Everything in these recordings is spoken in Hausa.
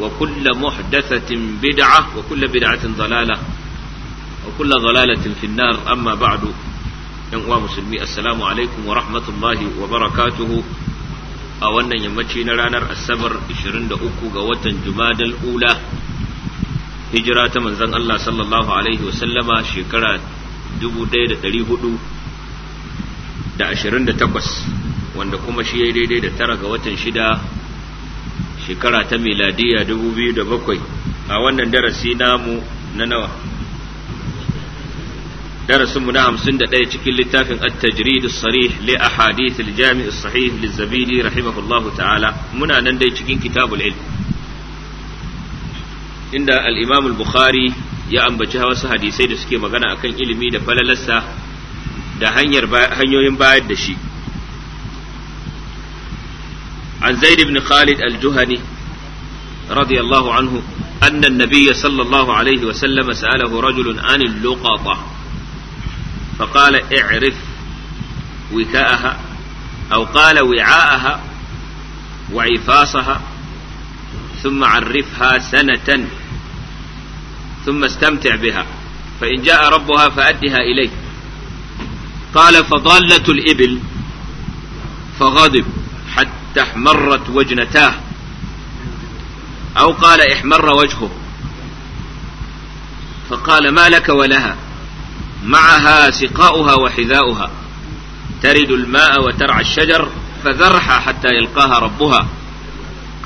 وكل محدثة بدعة وكل بدعة ضلالة وكل ضلالة في النار أما بعد ينقوى مسلمي السلام عليكم ورحمة الله وبركاته أولا يمتشي نرانر السبر 23 قوة جماد الأولى هجرة من زن الله صلى الله عليه وسلم شكرا دبو ديدة تليهدو da 28 wanda kuma shi ya daidai da tara ga watan shida shekara ta miladiya 2007 a wannan darasi namu na nawa darasinmu na 51 cikin littafin at-tajrid as-sarih li ahadith al-jami' as-sahih lizabidi rahimahullahu ta'ala muna nan dai cikin kitabul ilm inda al-imam al-bukhari ya ambaci wasu hadisai da suke magana akan ilimi da falalarsa da hanyar hanyoyin bayar da shi عن زيد بن خالد الجهني رضي الله عنه أن النبي صلى الله عليه وسلم سأله رجل عن اللقطة فقال اعرف وكاءها أو قال وعاءها وعفاصها ثم عرفها سنة ثم استمتع بها فإن جاء ربها فأدها إليه قال فضالة الإبل فغضب حتى احمرت وجنتاه أو قال احمر وجهه فقال ما لك ولها معها سقاؤها وحذاؤها ترد الماء وترعى الشجر فذرها حتى يلقاها ربها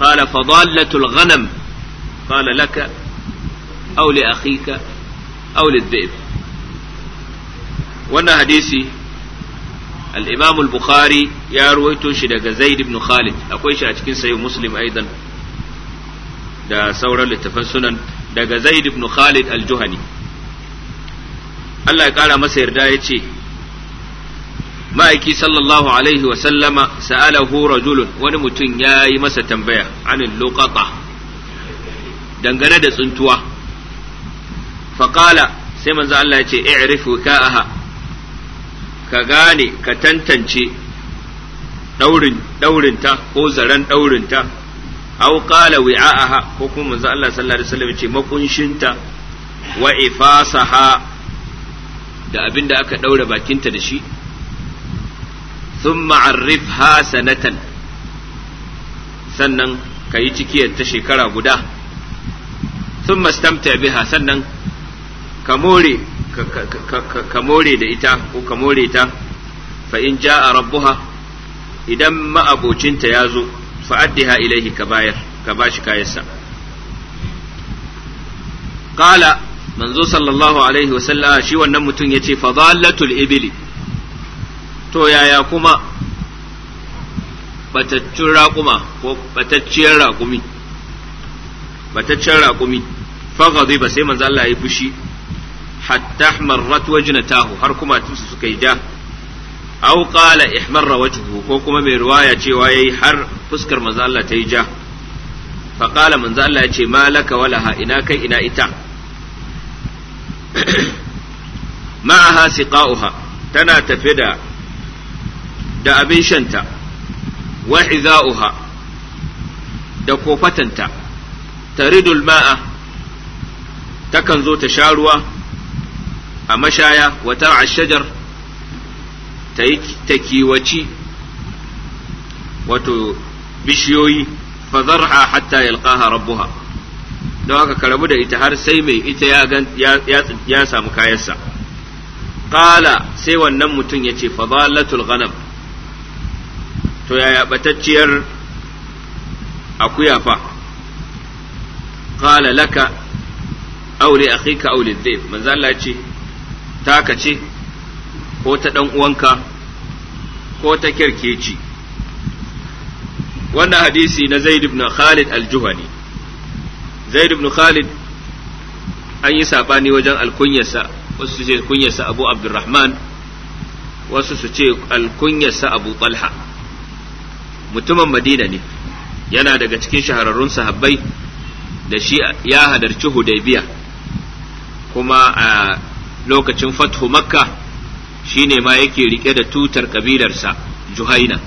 قال فضالة الغنم قال لك أو لأخيك أو للذئب وأن حديثي Al'imamul bukhari ya ruwaito shi daga zaid ibn akwai shi a cikin sahih muslim aidan da sauran littafan sunan daga zaid ibn khalid al-juhani Allah ya kara masa yarda ya ce ma'aiki sallallahu alaihi wa sallama sa'alahu wani mutum ya yi masa tambaya anil luqata dangane da tsintuwa. faqala sai manzo Allah ya ce i'rif wika'aha ka gane ka tantance ɗaurinta ko zaren ɗaurinta au qala wi'a'aha ko kuma manzo Allah sallallahu alaihi wasallam ce makunshinta wa ifasaha da abinda aka ɗaura bakinta da shi thumma arifha sanatan sannan ka yi cikiyar ta shekara guda thumma stamta biha sannan ka more ka more da ita ko ka more ta fa in ja a rabbuha idan ma'abocinta ya zo fa addiha ilaihi ka bayar ka bashi kayansa qala manzo sallallahu alaihi wa wasallam shi wannan mutum yace fa dhallatul ibli to yaya kuma bataccen raƙuma ko batacciyar raƙumi bataccen raƙumi fa ghadiba sai manzo Allah ya fushi hatta marrat wajnatahu har kuma tusu suka yi ja aw qala ihmarra wajhu ko kuma mai riwaya cewa yayi har fuskar manzo Allah ta yi ja fa qala manzo Allah ya ce malaka walaha ina kai ina ita ma'aha siqa'uha tana tafe da da abin shanta wa hiza'uha da kofatanta taridul ma'a takan zo ta sha ruwa a mashaya wata tar'a shajar ta kiwaci wato bishiyoyi fa zar'a hatta yalqaha rabbuha don haka karabu da ita har sai mai ita ya samu kayansa Ƙala sai wannan mutum yace fadalatul ghanam to yaya batacciyar akuya fa ƙala laka aure akhika aure zai manzo ce taka ce ko ta ɗan uwanka ko ta kirkeci wannan hadisi na zaid ibn khalid al-juhani zaid ibn khalid an yi saɓani wajen alkunyarsa wasu ce kunyarsa abu abdurrahman wasu su ce alkunyarsa abu talha mutumin madina ne yana daga cikin shahararrun sahabbai da shi ya hadarci hudaybiya kuma a ah, lokacin fathu makka ne ma yake rike da tutar kabilarsa juhaina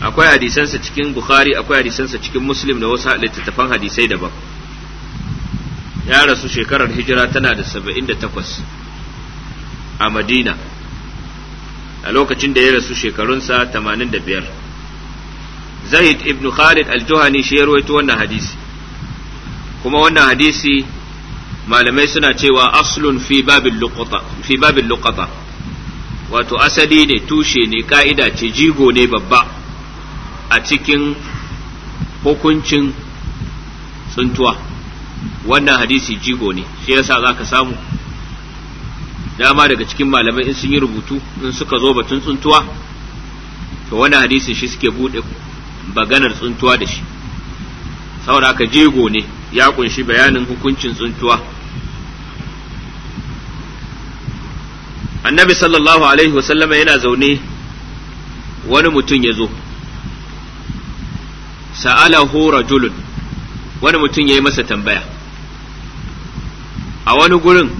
akwai hadisansa cikin bukhari akwai hadisansa cikin muslim da wasu littattafan hadisai daban ya rasu shekarar hijira tana da saba'in da takwas a madina a lokacin da ya rasu shekarunsa tamanin da biyar zaid ibn khalid al-juhani shi ya ruwaito wannan hadisi kuma wannan hadisi malamai suna cewa aslun fi babin luqata fi babin luqata wato asali ne tushe ne ka'ida ce jigo ne babba a cikin hukuncin tsuntuwa wannan hadisi jigo ne shi yasa zaka samu dama daga cikin malamai in sun yi rubutu in suka zo batun tsuntuwa to wannan hadisi shi suke bude baganar tsuntuwa da shi saboda haka jigo ne ya kunshi bayanin hukuncin tsuntuwa annabi sallallahu alaihi wasallama yana zaune wani mutum ya zo Sa'ala hura julun wani mutum ya yi masa tambaya a wani gurin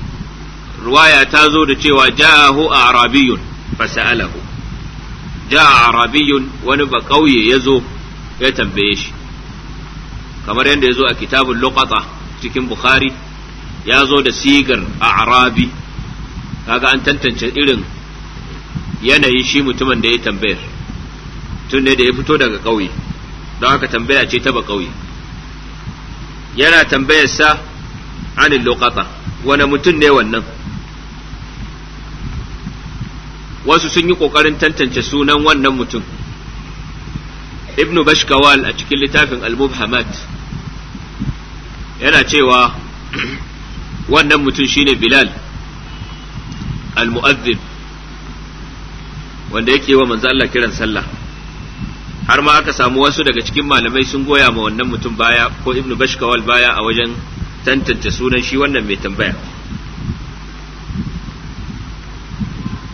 ruwaya ta zo da cewa ja'ahu a arabiyun fasa'alahu ja'a arabiyun wani ba ƙauye ya zo ya tambaye shi kamar yadda ya zo a kitabun luqata cikin bukhari ya zo da sigar a arabi kaga an tantance irin yanayi shi mutumin da ya tambayar tun ne da ya fito daga ƙauye don haka tambaya ce taba ƙauye yana tambayar sa anin luqata wani mutum ne wannan wasu sun yi ƙoƙarin tantance sunan wannan mutum ibnu bashkawal a cikin littafin al-mubhamat yana cewa wannan mutum shine bilal al-mu'adhdhib wanda yake wa manzo Allah kiran sallah har ma aka samu wasu daga cikin malamai sun goya ma wannan mutum baya ko ibnu bashkawal baya a wajen tantance sunan shi wannan mai tambaya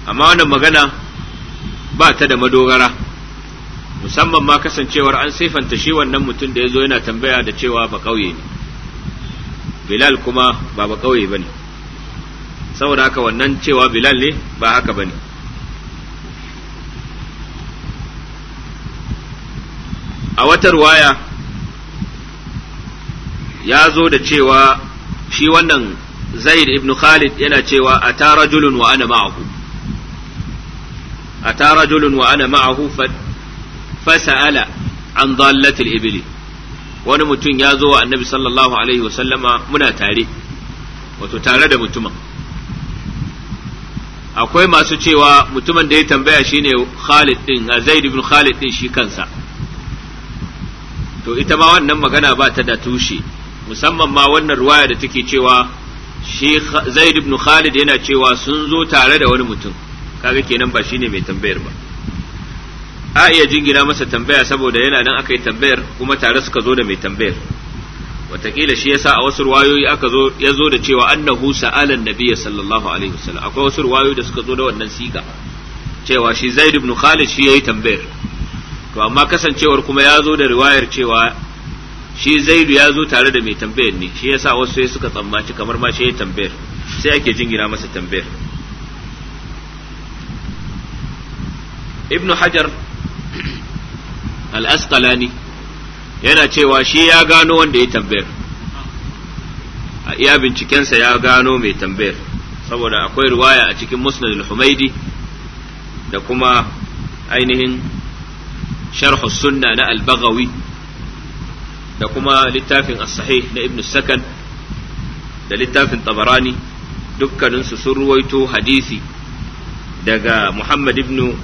amma wannan magana ba ta da madogara musamman ma kasancewar an sifanta shi wannan mutum da ya zo yana tambaya da cewa ba ƙauye ne bilal kuma ba ba kauye ba ne saboda haka wannan cewa bilal ne ba haka ba ne a wata ruwaya ya zo da cewa shi wannan zaid ibn khalid yana cewa a tara julun wa ana ma'ahu a tara julun wa ana ma'ahu fasa'ala an dhallatil ibli wani mutum ya zo wa annabi sallallahu alaihi wasallama muna tare wato tare da mutumin akwai masu cewa mutumin da ya tambaya shine Khalid din Zaid ibn Khalid din shi kansa to ita ma wannan magana ba ta da tushe musamman ma wannan ruwaya da take cewa shi Zaid ibn Khalid yana cewa sun zo tare da wani mutum kaga kenan ba shine mai tambayar ba a iya jingira masa tambaya saboda yana nan aka yi tambayar kuma tare suka zo da mai tambayar Wataƙila shi yasa a wasu ruwayoyi aka zo ya zo da cewa annahu sa'ala nabiyya sallallahu alaihi wasallam akwai wasu ruwayoyi da suka zo da wannan siga cewa shi zaid ibn khalid shi yayi tambayar to amma kasancewar kuma ya zo da riwayar cewa shi zaid ya zo tare da mai tambayar ne shi yasa wasu sai suka tsammaci kamar ma shi ya tambayar sai ake jingira masa tambayar Ibn hajar al-asqalani yana cewa shi ya gano wanda ya tambayar a iya bincikensa ya gano mai tambayar saboda akwai riwaya a cikin musnad al-humaidi da kuma ainihin sharh sunna na al-baghawi da kuma littafin as-sahih na ibn sakan da littafin tabarani dukkaninsu sun ruwaito hadisi daga muhammad ibn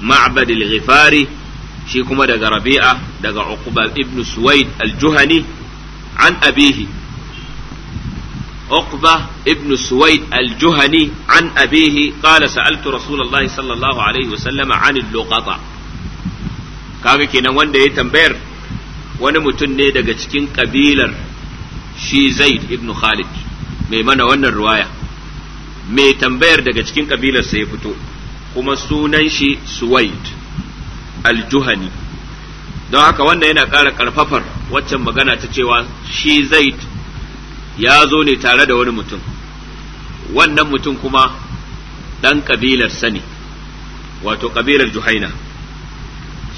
ma'bad al-ghifari shi kuma daga rabi'a daga uqba ibn suwaid al-juhani an abihi uqba ibn suwaid al-juhani an abihi qala sa'altu rasulullahi sallallahu alaihi wa sallama an al-luqata kaga kenan wanda ya tambayar wani mutum ne daga cikin kabilar shi zaid ibn khalid mai mana wannan ruwaya mai tambayar daga cikin kabilar sa ya fito kuma sunan shi suwaid aljuhani don haka wannan yana ƙara ƙarfafar waccan magana ta cewa shi zaid ya zo ne tare da wani mutum wannan mutum kuma ɗan ƙabilar sani wato ƙabilar juhaina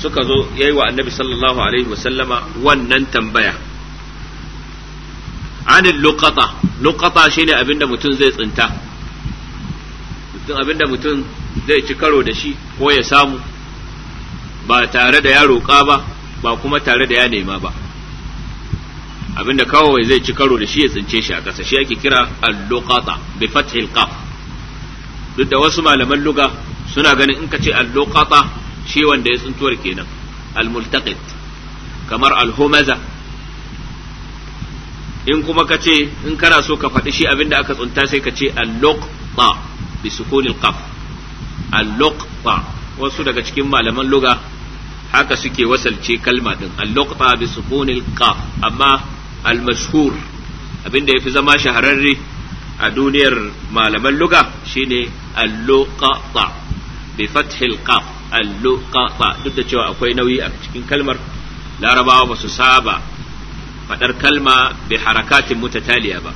suka zo ya yi wa annabi sallallahu alaihi wasallama wannan tambaya anin lukata lukata shi ne abinda mutum zai tsinta abinda mutum zai ci karo da shi ko ya samu ba tare da ya roƙa ba ba kuma tare da ya nema ba abinda kawai zai ci karo da shi ya tsince shi a ƙasa shi ake kira al-luqata bi al qaf duk da wasu malaman luga suna ganin in ka ce al-luqata shi wanda ya tsintuwar kenan al-multaqit kamar al-humaza in kuma ka ce in kana so ka faɗi shi abinda aka tsunta sai ka ce al-luqta bi sukunil qaf al-luqta wasu daga cikin malaman luga haka suke wasalce kalma din al-luqta bi sukunil qaf amma al-mashhur abinda yafi zama shahararre a duniyar malaman luga shine al luqta bi fathil qaf al luqta duk da cewa akwai nauyi a cikin kalmar larabawa ba su saba fadar kalma bi harakatin mutataliya ba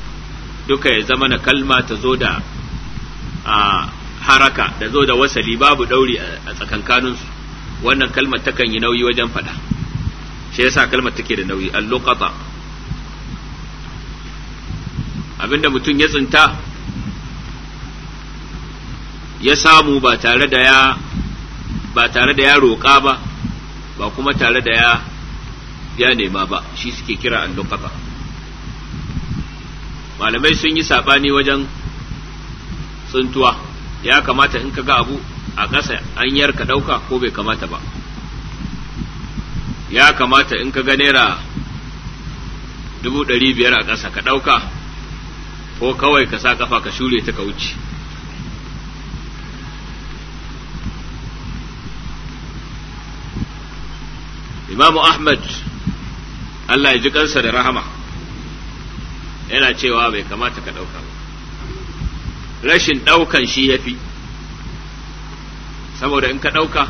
duka ya zama na kalma ta zo da haraka da zo da wasali babu dauri a tsakankaninsu wannan kalmar takan yi nauyi wajen faɗa shi yasa kalmar take da nauyi alluqata abinda mutum ya tsinta ya samu ba tare da ya ba tare da ya roƙa ba ba kuma tare da ya ya nema ba shi suke kira alluqata malamai sun yi sabani wajen tsintuwa ya kamata in ka ga abu a ƙasa an ka ɗauka ko bai kamata ba ya kamata in ka ga naira dubu ɗari biyar a ƙasa ka ɗauka ko kawai ka sa ƙafa ka shure ta ka wuce imamu ahmad allah ya ji kansa da rahama yana cewa bai kamata ka ɗauka ba rashin ɗaukan shi ya fi saboda in ka ɗauka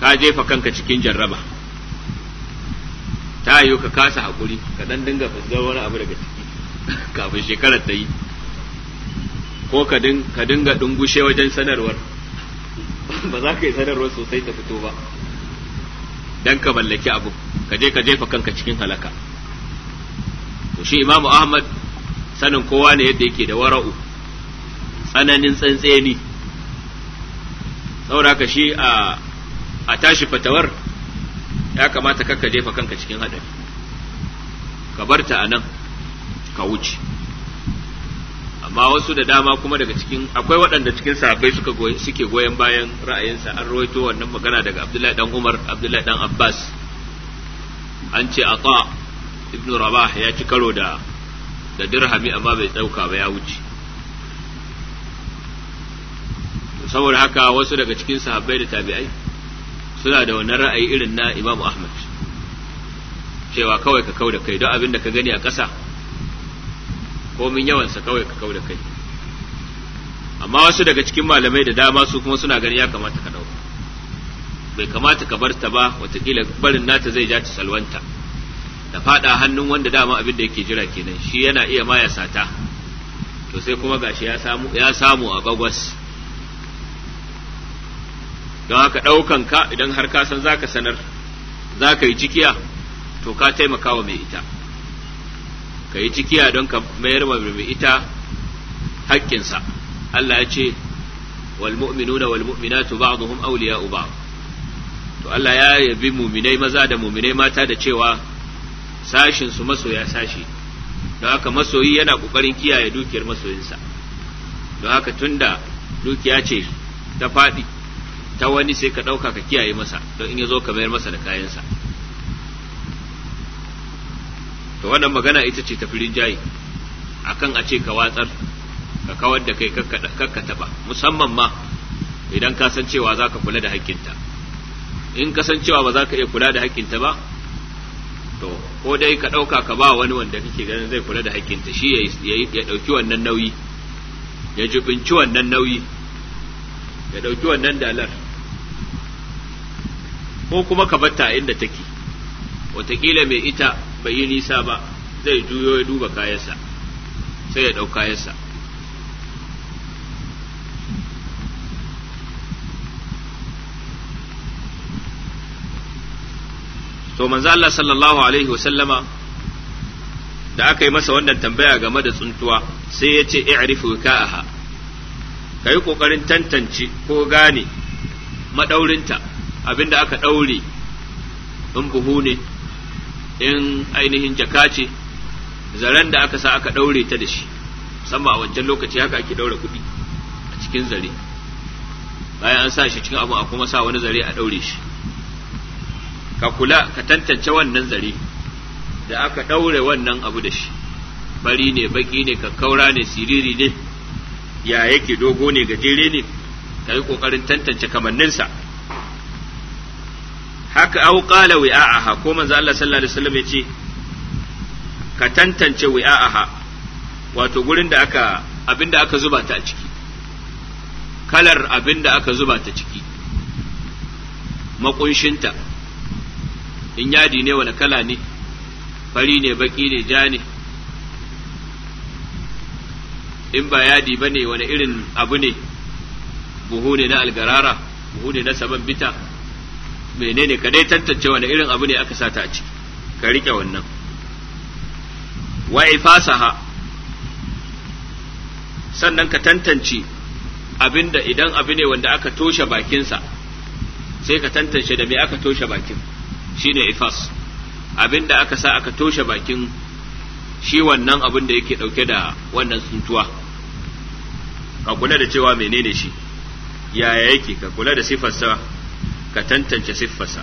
ka jefa kanka cikin jarraba ta yiwu ka kasa haƙuri ka ɗan dinga fuskar wani abu daga ciki kafin shekarar ta yi ko ka dinga dungushe wajen sanarwar ba za ka yi sanarwar sosai ta fito ba don ka mallaki abu ka je ka jefa kanka cikin halaka to shi imamu ahmad sanin kowa ne yadda yake da wara'u tsananin tsantseni saboda ka shi a tashi fatawar ya kamata kakka jefa kanka cikin haɗari ka barta ta a nan ka wuce amma wasu da dama kuma daga cikin akwai waɗanda cikin sahabbai suka suke goyon bayan ra'ayinsa an rawaito wannan magana daga Abdullahi dan Umar Abdullahi dan Abbas an ce Ata ibnu Rabah ya ci karo da da dirhami amma bai dauka ba ya wuce saboda haka wasu daga cikin sahabbai da tabi'ai suna da wannan ra'ayi irin na Imam Ahmad cewa kawai ka kauda kai don abin da ka gani a ƙasa komin yawansa kawai ka kauda kai amma wasu daga cikin malamai da dama su kuma suna ganin ya kamata ka dauka bai kamata ka barta ba watakila barin nata zai ja ta salwanta da fada hannun wanda dama abin da yake jira kenan shi yana iya ma ya sata to sai kuma gashi ya samu ya samu a bagwas don haka ɗaukan ka idan har ka san zaka sanar zaka yi cikiya to ka taimaka wa mai ita ka yi cikiya don ka mayar wa mai ita haƙƙinsa Allah ya ce wal mu'minuna wal mu'minatu ba'dhum awliya'u ba'd to Allah ya yabi muminai maza da muminai mata da cewa sashin su masoya sashi don haka masoyi yana kokarin kiyaye dukiyar masoyinsa don haka tunda dukiya ce ta faɗi ta wani sai ka ɗauka ka kiyaye masa don in ya zo ka mayar masa da kayansa to wannan magana ita ce ta firin jayi, a kan a ce ka watsar ka kawar da kai kakka taɓa musamman ma idan ka san cewa za ka kula da haƙƙinta in ka san cewa ba za ka iya kula da haƙƙinta ba to ko dai ka ɗauka ka ba wani wanda kake ganin zai kula da haƙƙinta shi ya ɗauki wannan nauyi ya jubinci wannan nauyi ya ɗauki wannan dalar ko kuma ka batta inda take wataƙila mai ita bai yi nisa ba zai juyo ya duba kayansa sai ya ɗau kayansa to manzo Allah sallallahu alaihi wa sallama da aka yi masa wannan tambaya game da tsuntuwa sai ya ce i'rifu ka'aha ka yi ƙoƙarin tantance ko gane maɗaurinta Abin da aka ɗaure in buhu ne in ainihin jaka ce zaren da aka sa aka ɗaure ta da shi musamman a wancan lokaci haka ake ɗaure kuɗi a cikin zare bayan an sa shi cikin abu a kuma sa wani zare a ɗaure shi ka kula ka tantance wannan zare da aka ɗaure wannan abu da shi bari ne baki ne ka kaura ne siriri ne ya yake dogo ne gajere ne ka yi ƙoƙarin tantance kamanninsa aw qala wi'a'aha ko manzo Allah sallallahu alaihi wasallam yace ka tantance wi'a'aha wato gurin da aka abinda aka zuba ta a ciki kalar abinda aka zuba ta ciki makunshinta in yadi ne wani kala ne fari ne baki ne ja ne in ba yadi ba ne irin abu ne buhu ne na algarara buhu ne na saman bita menene ka dai tantance wani irin abu ne aka sata a ciki ka rike wannan wa ifasaha sannan ka tantance abinda idan abu ne wanda aka toshe bakinsa sai ka tantance da me aka toshe bakin shine ifas abinda aka sa aka toshe bakin shi wannan abin da yake dauke da wannan tsuntuwa ka kula da cewa menene shi yaya yake ka kula da sifarsa ka tantance siffarsa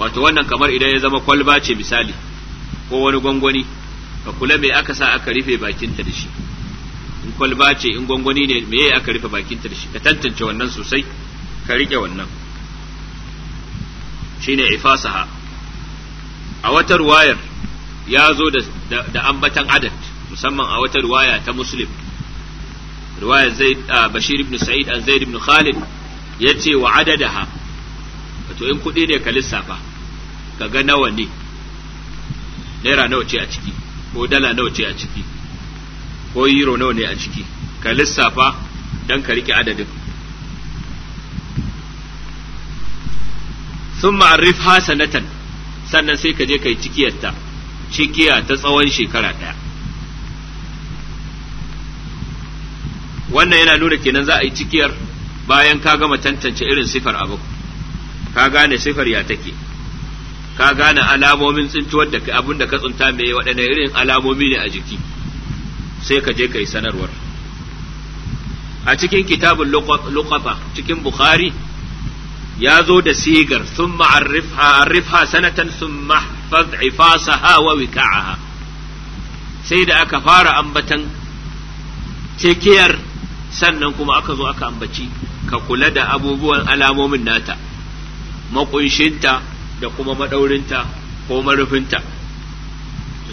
wato wannan kamar idan ya zama kwalba ce misali ko wani gwangwani ka kula me aka sa aka rufe bakinta da shi in kwalba ce in gwangwani ne me aka rufe bakinta da shi ka tantance wannan sosai ka rike wannan shine ifasaha a wata ruwayar ya zo da ambatan adad musamman a wata ruwaya ta muslim riwaya zaid bashir ibn sa'id an zaid ibn khalid yace wa adadaha wato in kuɗi ne ka lissafa ka ga nawa ne naira nawa ce a ciki ko dala nawa ce a ciki ko euro nawa ne a ciki ka lissafa dan ka riƙe adadin sun ma'arrif sanatan sannan sai ka je ka yi cikiyarta cikiya ta tsawon shekara ɗaya wannan yana nuna kenan za a yi cikiyar bayan ka gama tantance irin sifar abu ka gane sifar ya take ka gane alamomin tsintuwar da abin da ka tsunta mai waɗanne irin alamomi ne a jiki sai ka je ka yi sanarwar a cikin kitabun luqata cikin bukhari ya zo da sigar sun ma'arrifha sanatan sun ifasaha hawa wika'aha sai da aka fara ambatan cikiyar sannan kuma aka zo aka ambaci ka kula da abubuwan alamomin nata makunshinta da kuma madaurinta ko marufinta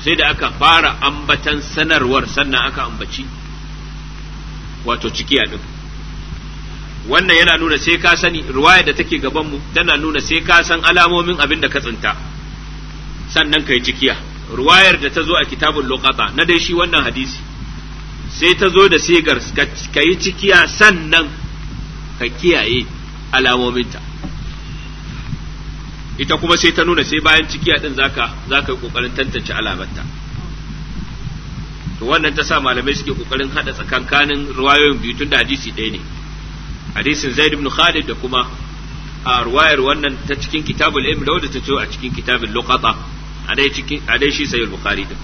sai da aka fara ambatan sanarwar sannan aka ambaci wato ciki a ɗin wannan yana nuna sai ka sani ruwaya da take gabanmu tana nuna sai ka san alamomin abin da ka tsinta sannan ka yi cikiya ruwayar da ta zo a kitabun lokata na dai shi wannan hadisi sai ta zo da sigar ka yi cikiya sannan ka kiyaye alamominta ita kuma sai ta nuna sai bayan cikiya din zaka zaka yi kokarin tantance alamanta. to wannan ta sa malamai suke kokarin hada tsakankanin ruwayoyin biyu tun da hadisi ɗaya ne hadisin Zaid ibn Khalid da kuma a ruwayar wannan ta cikin kitabul ilm da wanda ta ce a cikin kitabul luqata a dai cikin a dai shi sayyid bukhari din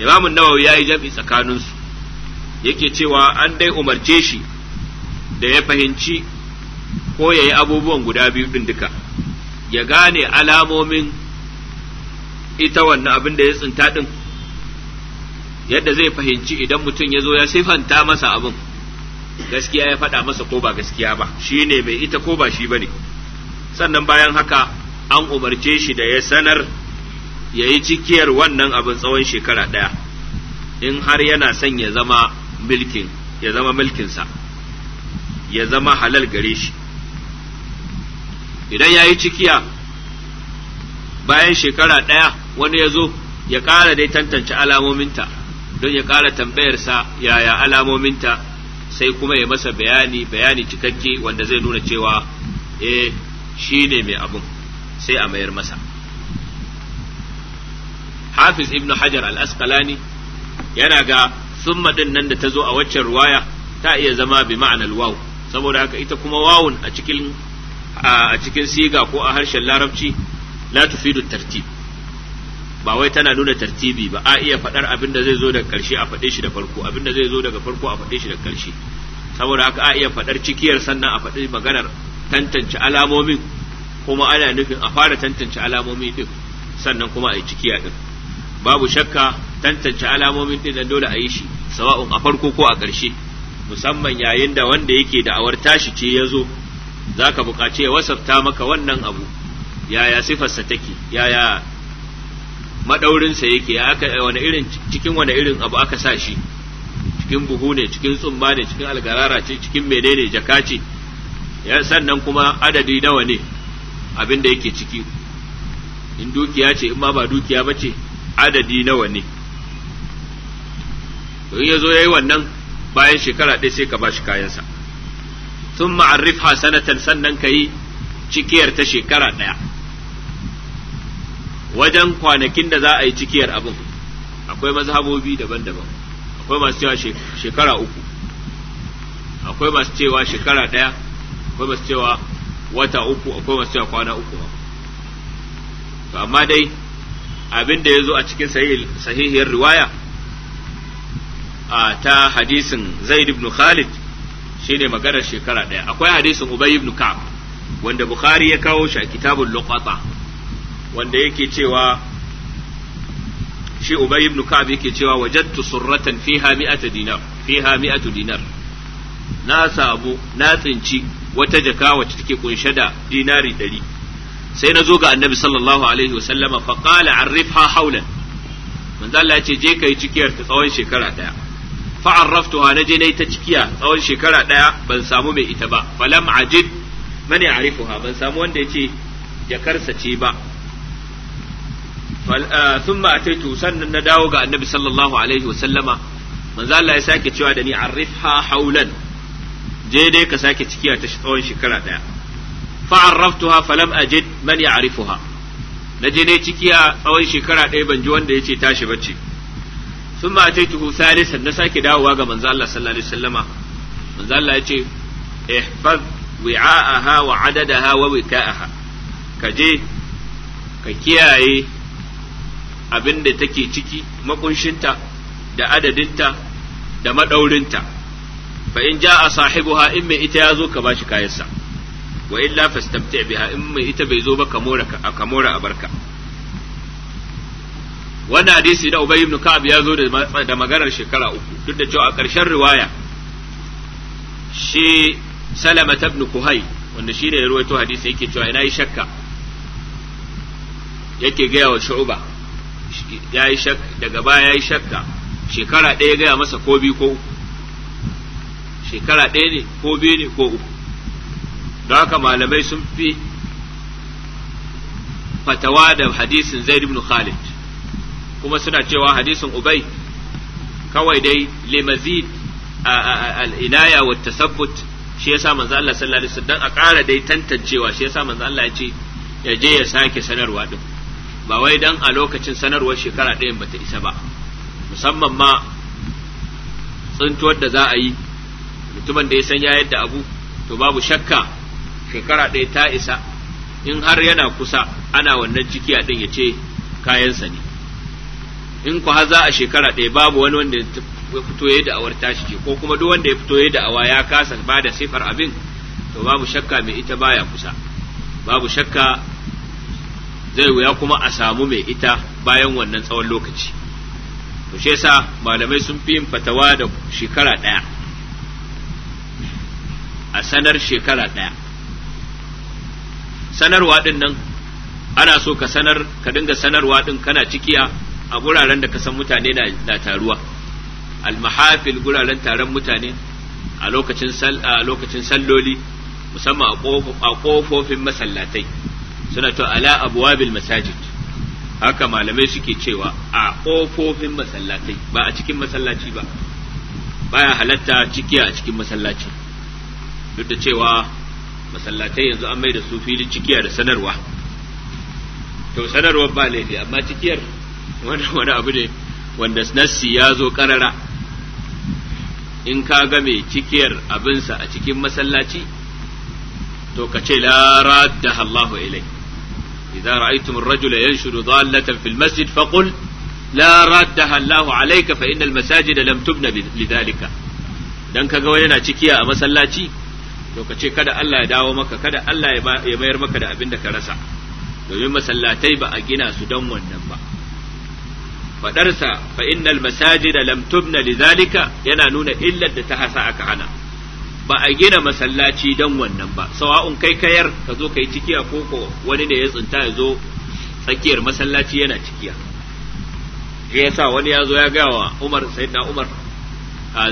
Imam nawawi yayi jabi tsakaninsu yake cewa an dai umarce shi da ya fahimci ko ya yi abubuwan guda biyu ɗin duka ya gane alamomin ita wannan abin da ya tsinta ɗin yadda zai fahimci idan mutum ya zo ya sifanta masa abin gaskiya ya faɗa masa ko ba gaskiya ba shi ne mai ita ko ba shi ba ne sannan bayan haka an umarce shi da ya sanar ya yi cikiyar wannan abin tsawon shekara ɗaya in har yana son ya zama milkin ya zama milkinsa ya zama halal gare shi idan ya yi cikiya bayan shekara ɗaya wani ya zo ya ƙara dai tantance alamominta don ya ƙara tambayarsa yaya alamominta sai kuma ya masa bayani bayani cikakke wanda zai nuna cewa eh shi ne mai abun sai a mayar masa hafiz ibn hajar al-asqalani yana ga summa din nan da ta zo a waccan ruwaya ta iya zama bi ma'anar waw saboda haka ita kuma wawun a cikin a cikin siga ko a harshen larabci la tufidu tartib ba wai tana nuna tartibi ba a iya faɗar abin da zai zo daga ƙarshe a faɗe shi da farko abin da zai zo daga farko a faɗe shi da ƙarshe saboda haka a iya faɗar cikiyar sannan a faɗi maganar tantance alamomin kuma ana nufin a fara tantance alamomi din sannan kuma a yi cikiya din babu shakka tantance alamomin din da dole a yi shi sawa'un a farko ko a ƙarshe musamman yayin da wanda yake da'awar tashi ce ya zo za ka buƙaci ya wasafta maka wannan abu yaya sifarsa take yaya maɗaurinsa yake irin cikin wani irin abu aka sa shi cikin buhu ne cikin tsumba ne cikin algarara ce cikin menene jaka ce sannan kuma adadi nawa ne abin da yake ciki in dukiya ce in ma ba dukiya ba ce adadi nawa ne to in yazo yayi wannan bayan shekara ɗaya sai ka ba shi kayansa sun ma'arrifha sanatan sannan ka yi cikiyar ta shekara ɗaya wajen kwanakin da za a yi cikiyar abin akwai mazhabobi daban-daban akwai masu cewa shekara uku akwai masu cewa shekara ɗaya akwai masu cewa wata uku akwai masu cewa kwana uku to amma dai abin da ya zo a cikin sahihiyar riwaya ta hadisin zaid ibn khalid shine maganar shekara ɗaya akwai hadisin ubay ibn ka'ab wanda bukhari ya kawo shi a kitabul luqata wanda yake cewa shi ubay ibn ka'ab yake cewa wajadtu surratan fiha mi'ata dinar fiha mi'atu dinar na samu na tsinci wata jaka wacce take kunshe da dinari ɗari sai na zo ga annabi sallallahu alaihi wasallama fa qala arifha haulan manzo Allah ya ce je kai cikiyar ta tsawon shekara ɗaya. fa’arraftuwa na je ta cikiya tsawon shekara ɗaya ban samu mai ita ba falam ajid mani arifuha ban samu wanda ya ce ya karsace ba sun ma ta sannan na dawo ga annabi sallallahu alaihi wasallama manzo Allah ya sake cewa da ni arifha haulan je ka sake cikiya ta tsawon shekara ɗaya fa’arraftuwa falam ajid mani arifuha na je cikiya tsawon shekara ɗaya ban ji wanda ya ce tashi bacci sun ma ataituhu salisan na sake dawowa ga manzo Allah sallallahu alaihi wasallama manzo Allah yace ihfaz wi'a'aha wa adadaha wa wika'aha kaje ka kiyaye abin da take ciki makunshinta da adadinta da madaurinta fa in ja'a sahibuha in mai ita yazo ka bashi kayansa wa illa fastamti biha in mai ita bai zo ba ka mora ka mora abarka wannan hadisi na Ubay ibn Ka'ab ya zo da maganar shekara uku duk da cewa a ƙarshen riwaya shi Salama ibn Kuhai wanda shi ne ya ruwaito hadisi yake cewa ina yi shakka yake gaya wa Shu'ba ya yi shakka daga baya ya yi shakka shekara ɗaya gaya masa ko biyu ko uku shekara ɗaya ne ko biyu ne ko uku don haka malamai sun fi fatawa da hadisin Zaid ibn Khalid kuma suna cewa hadisin ubay kawai dai limazid al-inaya wa tasabbut shi yasa manzo Allah sallallahu alaihi wasallam a ƙara dai tantancewa shi yasa manzo Allah ya ce ya je ya sake sanarwa din ba wai dan a lokacin sanarwar shekara ɗayan ta isa ba musamman ma tsintuwar da za a yi mutumin da ya san ya yadda abu to babu shakka shekara ɗaya ta isa in har yana kusa ana wannan cikiya ɗin ya ce kayansa ne in ku haza a shekara ɗaya babu wani wanda ya fito ya da'awar tashi ce ko kuma duk wanda ya fito ya da'awa ya kasa ba da sifar abin to babu shakka mai ita baya kusa babu shakka zai wuya kuma a samu mai ita bayan wannan tsawon lokaci to shi yasa malamai sun fi yin fatawa da shekara ɗaya a sanar shekara ɗaya sanarwa ɗin nan ana so ka sanar ka dinga sanarwa ɗin kana cikiya a guraren da kasan mutane na taruwa almahafil guraren taron mutane a lokacin lokacin salloli musamman a kofofin masallatai suna to ala abwabil masajid haka malamai suke cewa a kofofin masallatai ba a cikin masallaci ba baya halatta ciki a cikin masallaci duk da cewa masallatai yanzu an mai da su filin cikiya da sanarwa to sanarwar ba laifi amma cikiyar wannan wani abu ne wanda nassi ya zo karara in ka ga mai cikiyar abinsa a cikin masallaci to ka ce la raddaha Allahu ilai Idan ra'aytum ar-rajula yanshudu dallatan fil masjid faqul la radda Allahu alayka fa innal masajid lam tubna lidhalika dan kaga wani yana cikiya a masallaci to ka ce kada Allah ya dawo maka kada Allah ya mayar maka da abin da ka rasa domin masallatai ba a gina su don wannan ba fadarsa fa innal masajida lam tubna lidhalika yana nuna illar da ta hasa aka hana ba a gina masallaci don wannan ba sawa'un kai kayar ka zo kai cikiya ko ko wani ne ya tsinta ya zo tsakiyar masallaci yana cikiya ya sa wani ya zo ya gawa Umar sayyidina Umar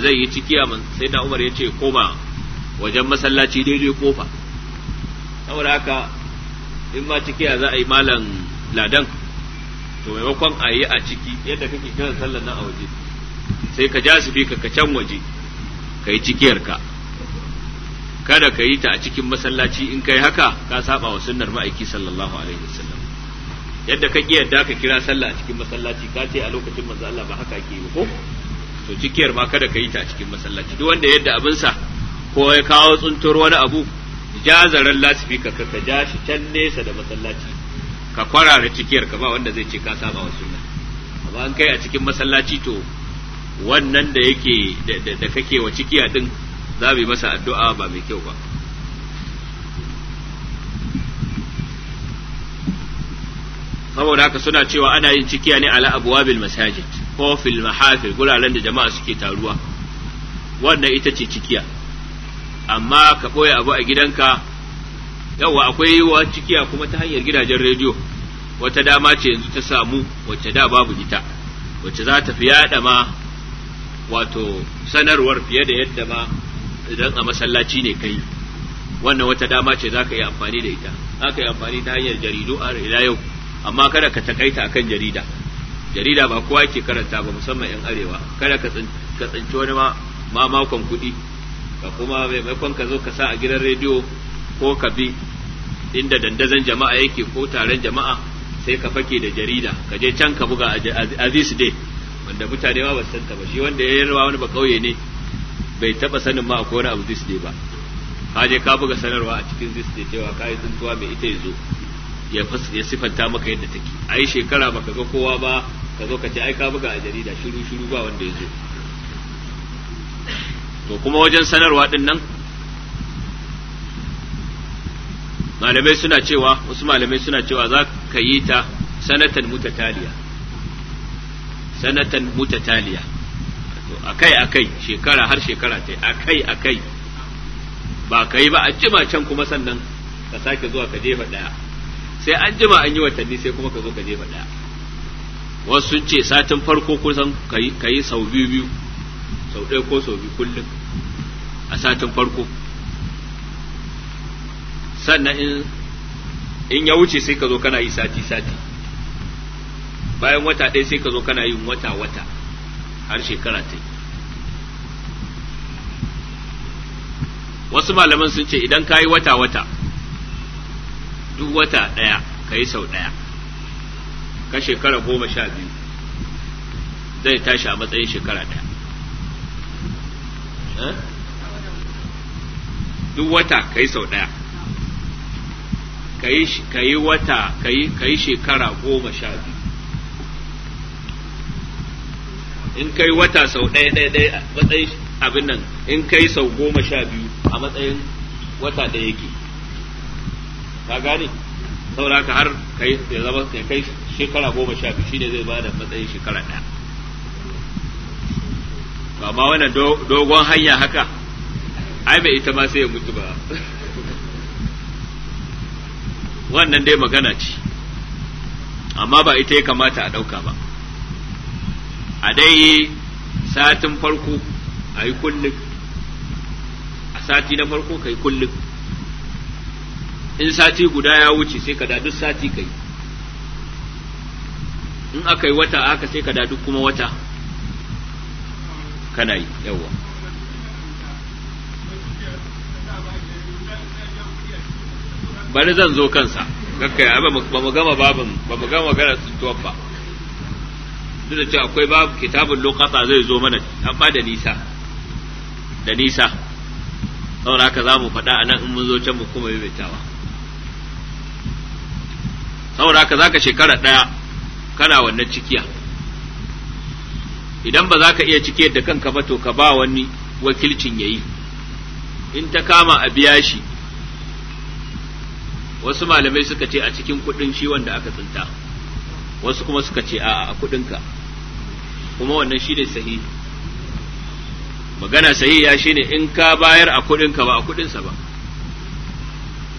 zai yi cikiya sayyidina Umar ya ce koma wajen masallaci daidai kofa saboda haka in ma cikiya za a yi malam ladan to maimakon a yi a ciki yadda kake kiran sallar nan a waje sai ka ja su ka can waje ka yi cikiyarka kada ka yi ta a cikin masallaci in kai haka ka saba wa sunnar ma'aiki sallallahu alaihi wasallam yadda ka ki yadda ka kira sallah a cikin masallaci ka ce a lokacin manzo Allah ba haka ake yi ko to cikiyar ma kada ka yi ta a cikin masallaci duk wanda yadda abin sa ko ya kawo tsuntur wani abu ja zaren ka ka ja shi can nesa da masallaci ka kwarara cikiyar ka ba wanda zai ce ka saba wa sunna amma an kai a cikin masallaci to wannan da yake da kake wa cikiya din za mu yi masa addu'a ba mai kyau ba saboda haka suna cewa ana yin cikiya ne ala abwabil masajid ko fil mahafil guraren da jama'a suke taruwa wannan ita ce cikiya amma ka ɓoye abu a gidanka yawa akwai wa cikiya kuma ta hanyar gidajen rediyo wata dama ce yanzu ta samu wacce da babu ita wacce za ta fi yaɗa ma wato sanarwar fiye da yadda ma idan a masallaci ne kai wannan wata dama ce za ka yi amfani da ita za ka yi amfani ta hanyar jaridu a ila yau amma kada ka takaita akan jarida jarida ba kowa ke karanta ba musamman yan arewa kada ka tsinci wani ma makon kuɗi ka kuma maimakon ka zo ka sa a gidan rediyo ko ka bi inda dandazon jama'a yake ko taron jama'a sai ka fake da jarida ka je can ka buga aziz day wanda mutane ba san ta ba shi wanda ya yarwa wani ba kauye ne bai taba sanin ma akwai wani abu this day ba ka je ka buga sanarwa a cikin this day cewa ka yi tsuntuwa mai ita yazo ya ya sifanta maka yadda take ai shekara baka ga kowa ba ka zo ka ce ai ka buga a jarida shiru shiru ba wanda yazo to kuma wajen sanarwa din nan malamai suna cewa wasu malamai suna cewa za ka yi ta sanatan mutataliya sanatan mutataliya akai akai shekara har shekara ta akai akai ba ka yi ba a jima can kuma sannan ka sake zuwa ka jefa daya sai an jima an yi watanni sai kuma ka zo ka jefa daya wasu sun ce satin farko kusan ka yi sau biyu biyu sau ɗaya ko sau biyu kullum a satin farko sannan in in ya wuce sai ka zo kana yi sati sati bayan wata ɗaya sai ka zo kana yin wata wata har shekara ta wasu malaman sun ce idan ka yi wata wata duk wata ɗaya ka yi sau ɗaya ka shekara goma sha biyu zai tashi a matsayin shekara ɗaya eh? duk wata ka yi sau ɗaya ka yi wata ka yi shekara goma sha biyu in ka yi wata sau ɗaya ɗaya ɗaya matsayin abin nan in ka yi sau goma sha biyu a matsayin wata ɗaya yake ka gane saboda ka har kai ya zama ya kai shekara goma sha biyu shine zai bada matsayin shekara ɗaya ba ma wannan dogon hanya haka ai mai ita ma sai ya mutu ba wannan dai magana ce amma ba ita ya kamata a ɗauka ba a dai satin farko a yi kullum a sati na farko ka yi kullum in sati guda ya wuce sai ka duk sati ka yi in aka yi wata aka sai ka duk kuma wata kana yi yawwa bari zan zo kansa kakka ba mu gama babin ba mu gama magana tuwa ba duk da cewa akwai babu kitabun lokata zai zo mana ba da nisa da nisa saboda haka za mu faɗa a nan in mun zo can mu kuma maimaitawa saboda haka za ka shekara ɗaya kana wannan cikiya idan ba za ka iya cike da kanka ba to ka ba wani wakilcin yayi in ta kama a biya shi wasu malamai suka ce a cikin kudin shi wanda aka tsinta wasu kuma suka ce a a kudinka kuma wannan shi ne sahi magana sahiya shi ne in ka bayar a kudinka ba a kudinsa ba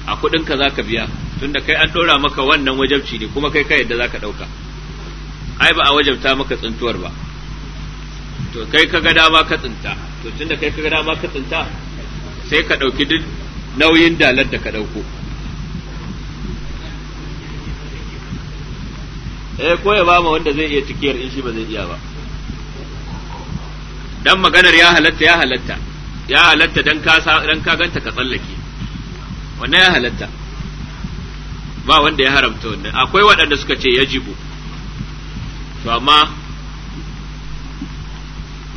a kudinka za ka biya tunda kai an ɗora maka wannan wajabci ne kuma kai ka yadda za ka ɗauka ai ba a wajabta maka tsintuwar ba to kai ka ga dama ka tsinta to tunda kai ka ga dama ka tsinta sai ka ɗauki duk nauyin dalar da ka ɗauko eh ko ya bama wanda zai iya cikiyar in shi ba zai iya ba dan maganar ya halatta ya halatta ya halatta dan ka dan ka ganta ka tsallake wannan ya halatta ba wanda ya haramta wannan akwai waɗanda suka ce yajibu to amma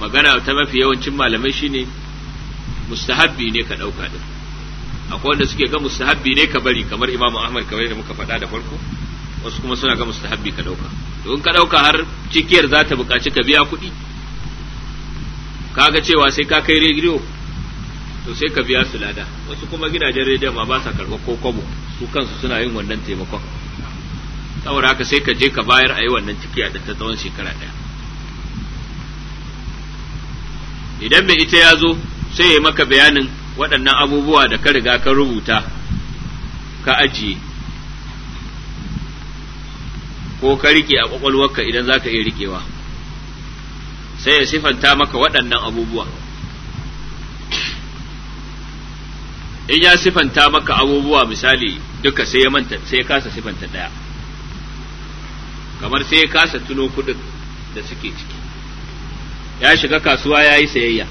magana ta mafi yawancin malamai shine mustahabbi ne ka ɗauka din akwai wanda suke ga mustahabbi ne ka bari kamar imamu ahmad kamar yadda muka faɗa da farko wasu kuma suna ga mustahabbi ka dauka in ka dauka har cikiyar za ta buƙaci ka biya kuɗi kaga cewa sai ka kai rediyo to sai ka biya su lada wasu kuma gidajen rediyo ma ba sa karɓar ko kwabo su kansu suna yin wannan taimakon saboda haka sai ka je ka bayar a yi wannan cikiya da ta tsawon shekara ɗaya idan mai ita ya zo sai ya maka bayanin waɗannan abubuwa da ka riga ka rubuta ka ajiye ko ka rike a kwakwalwarka idan za ka iya rikewa sai ya sifanta maka waɗannan abubuwa in ya sifanta maka abubuwa misali duka sai ya manta sai ya kasa sifanta ɗaya kamar sai ya kasa tuno kuɗin da suke ciki ya shiga kasuwa ya yi sayayya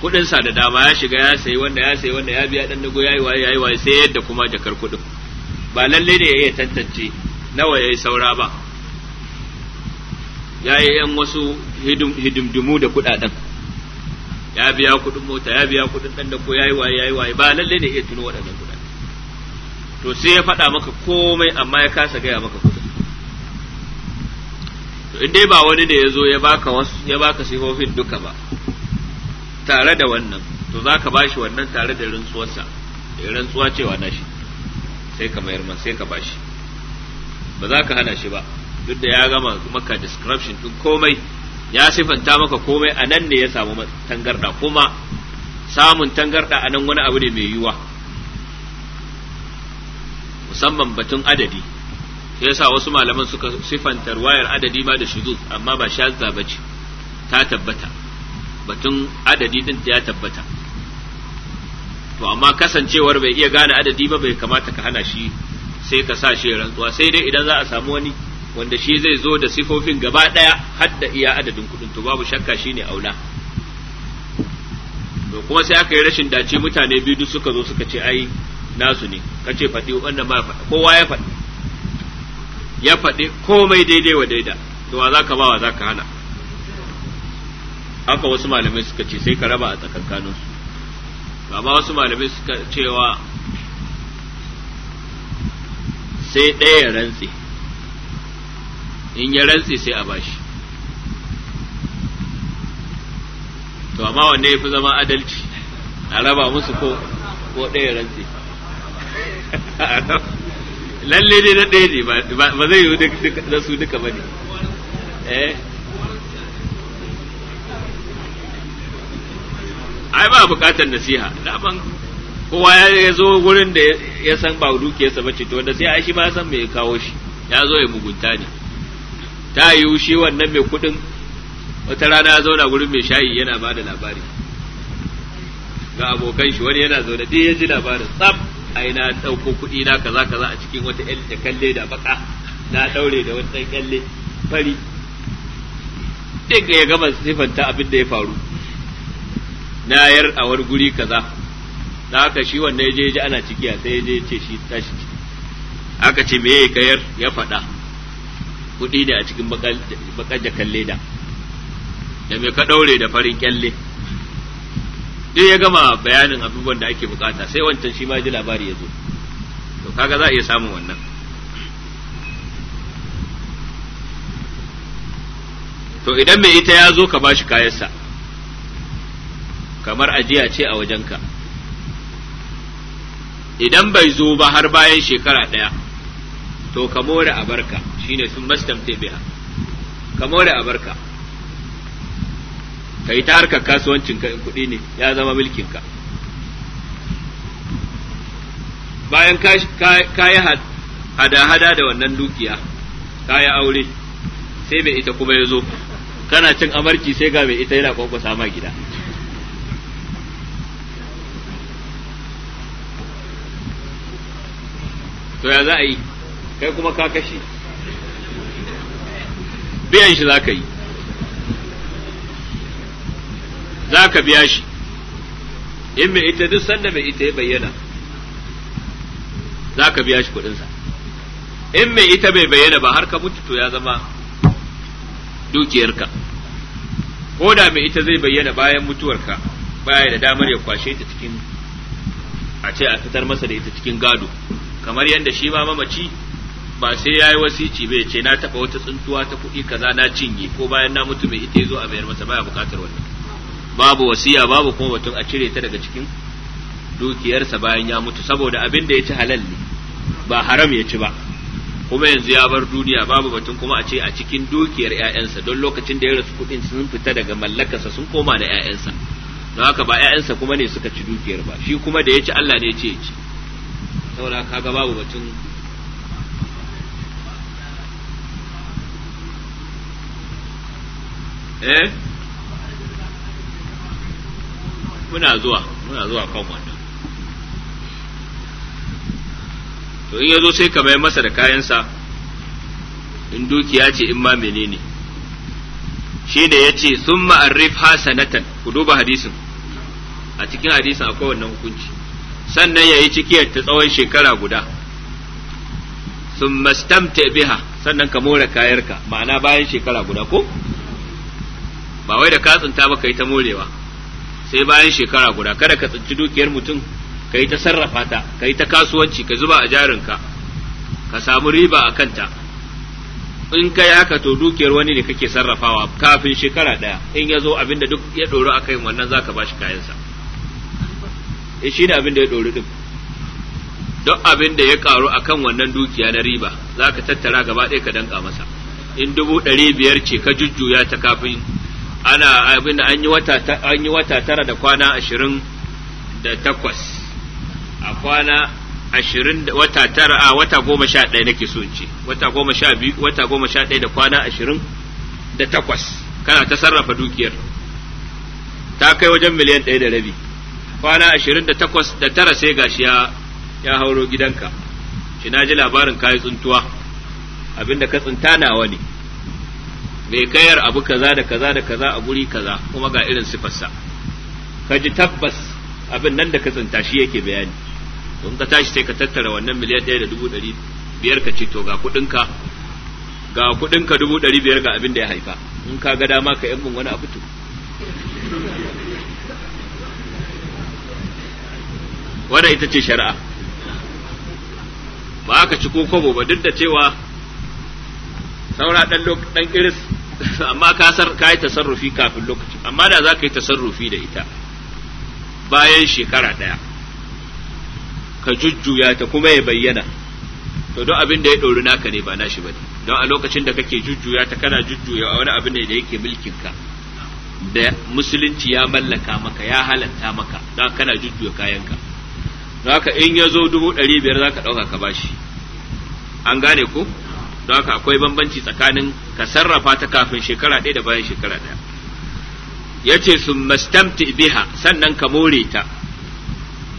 kuɗinsa da dama ya shiga ya sayi wanda ya sayi wanda ya biya ɗan dago ya yi waye ya yi waye sai yadda kuma jakar kuɗin ba lalle ne ya iya tantance nawa yayi saura ba yayi yan wasu hidimdimu da kudaden ya biya kudin mota ya biya kudin dan da ko yayi waye yayi waye ba lalle ne iya tuno waɗannan kudaden to sai ya faɗa maka komai amma ya kasa gaya maka kudin to in dai ba wani ne ya zo ya baka wasu ya baka sifofin duka ba tare da wannan to za ka bashi wannan tare da rantsuwarsa da eh, rantsuwa cewa na shi sai ka mayar man sai ka bashi ba za ka hana shi ba duk da ya gama maka description din komai ya sifanta maka komai a nan ne ya samu tangarda kuma samun tangarda a nan wani abu ne mai yiwuwa musamman batun adadi shi yasa wasu malaman suka sifanta wayar adadi ma da shudu amma ba shazza ce ta tabbata batun adadi din ya tabbata to amma kasancewar bai iya gane adadi ba bai kamata ka hana shi sai ka sa shi rantsuwa sai dai idan za a samu wani wanda shi zai zo da sifofin gaba daya har da iya adadin kudin to babu shakka shine aula to kuma sai aka yi rashin dace mutane biyu duk suka zo suka ce ai nasu ne kace faɗi wannan ma faɗi kowa ya faɗi ya faɗi komai daidai wa daida to wa zaka ba wa zaka hana haka wasu malamai suka ce sai ka raba a su amma wasu malamai suka cewa sai ɗaya ya rantse in ya rantse sai a bashi to amma wanne ya fi zama adalci a raba musu ko ko ɗaya rantse lalle ne na ɗaya ne ba zai yi da su duka ba ne eh ai ba bukatar nasiha daman kowa ya zo gurin da ya san ba dukiyarsa bace to wanda sai shi ba san me kawo shi ya zo ya mugunta ne ta yi shi wannan mai kudin wata rana ya zauna gurin mai shayi yana ba da labari ga abokan shi wani yana zaune dai ya ji labarin tsaf ai na ɗauko kuɗi na kaza kaza a cikin wata ƴan da kalle da baka na ɗaure da wata kalle fari duk ya gama sifanta abin da ya faru na yar a wani guri kaza da aka shi wanda ya je ji ana cikiya sai ya je ce shi tashi aka ce me ya kayar ya faɗa kuɗi ne a cikin bakar leda da me ka ɗaure da farin kyalle duk ya gama bayanin abubuwan da ake bukata sai wancan shi ma ji labari ya zo to kaga za a iya samun wannan to idan mai ita ya zo ka bashi kayansa kamar ajiya ce a wajenka idan bai zo ba har bayan shekara ɗaya to ka more a barka shine sun mastamte biha ka more a barka ka yi ta harkar kasuwancin ka in kuɗi ne ya zama mulkin ka bayan ka yi hada-hada da wannan dukiya ka yi aure sai mai ita kuma ya zo kana cin amarki sai ga mai ita yana kwankwasa ma gida to ya za a yi kai kuma ka kashe biyan shi za ka yi za ka biya shi in mai ita duk sanda mai ita ya bayyana za ka biya shi kudinsa in mai ita bai bayyana ba har ka mutu to ya zama dukiyarka ko da mai ita zai bayyana bayan mutuwarka baya da damar ya kwashe ta cikin a ce a fitar masa da ita cikin gado kamar yadda shi ma mamaci ba sai ya yi wasici bai ce na taɓa wata tsuntuwa ta kuɗi kaza na cinye ko bayan na mutu mai ita ya zo a bayar masa baya buƙatar wannan babu wasiya babu kuma batun a cire ta daga cikin dukiyarsa bayan ya mutu saboda abin da ya ci halal ne ba haram ya ci ba kuma yanzu ya bar duniya babu batun kuma a ce a cikin dukiyar 'ya'yansa don lokacin da ya rasu kuɗin sun fita daga mallakarsa sun koma da 'ya'yansa don haka ba 'ya'yansa kuma ne suka ci dukiyar ba shi kuma da ya ci Allah ne ya ce ya ci saboda kaga babu batun eh muna zuwa muna zuwa kan wannan to in ya zo sai ka mai masa da kayansa in dukiya ce in ma menene shi da ya ce sun ma'arrif hasanatan ku duba hadisin a cikin hadisin akwai wannan hukunci sannan ya yi cikiyar ta tsawon shekara guda sun mastamta biha sannan ka more kayarka ma'ana bayan shekara guda ko ba wai da ka tsinta ba ka yi ta morewa sai bayan shekara guda kada ka tsinci dukiyar mutum ka yi ta sarrafa ta ka yi ta kasuwanci ka zuba a jarinka ka samu riba a kanta in ka haka to dukiyar wani ne kake sarrafawa kafin shekara ɗaya in ya zo abinda duk ya ɗoro a kai wannan za ka ba shi kayansa Eh, shi ne abin da ya ɗori ɗin don abin da ya ƙaru a kan wannan dukiya na riba za ka tattara gaba ɗaya ka danka masa in dubu ɗari biyar ce ka jujjuya ta kafin ana abin da an yi wata tara da kwana ashirin da takwas a kwana ashirin wata tara a wata goma sha ɗaya nake so in ce wata goma sha biyu wata goma sha ɗaya da kwana ashirin da takwas kana ta sarrafa dukiyar ta kai wajen miliyan ɗaya da rabi kwana ashirin da takwas da tara sai gashi ya ya hauro gidanka shi na ji labarin kayi tsuntuwa abinda ka tsinta nawa ne mai kayar abu kaza da kaza da kaza a guri kaza kuma ga irin sifarsa ka ji tabbas abin nan da ka tsinta shi yake bayani don ka tashi sai ka tattara wannan miliyan ɗaya da dubu ɗari biyar ka ci to ga kuɗinka ga kuɗinka dubu ɗari biyar ga abin da ya haifa in ka ga dama ka yan wani abu to wadda ita ce shari'a ba aka ci kobo ba duk da cewa saura ɗan dan iris amma ka ka yi tasarrufi kafin lokaci amma da za ka yi tasarrufi da ita bayan shekara ɗaya ka jujjuya ta kuma ya bayyana to don abin da ya ɗori naka ne ba nashi ba don a lokacin da kake jujjuya ta kana jujjuya wani abin ne da yake mulkinka da musulunci ya mallaka maka ya halatta maka don kana jujjuya kayanka zaka in ya zo dubu ɗari biyar za ka ɗauka ka bashi an gane ko don haka akwai bambanci tsakanin ka sarrafa ta kafin shekara ɗaya da bayan shekara ɗaya ya ce su mastamti biha sannan ka more ta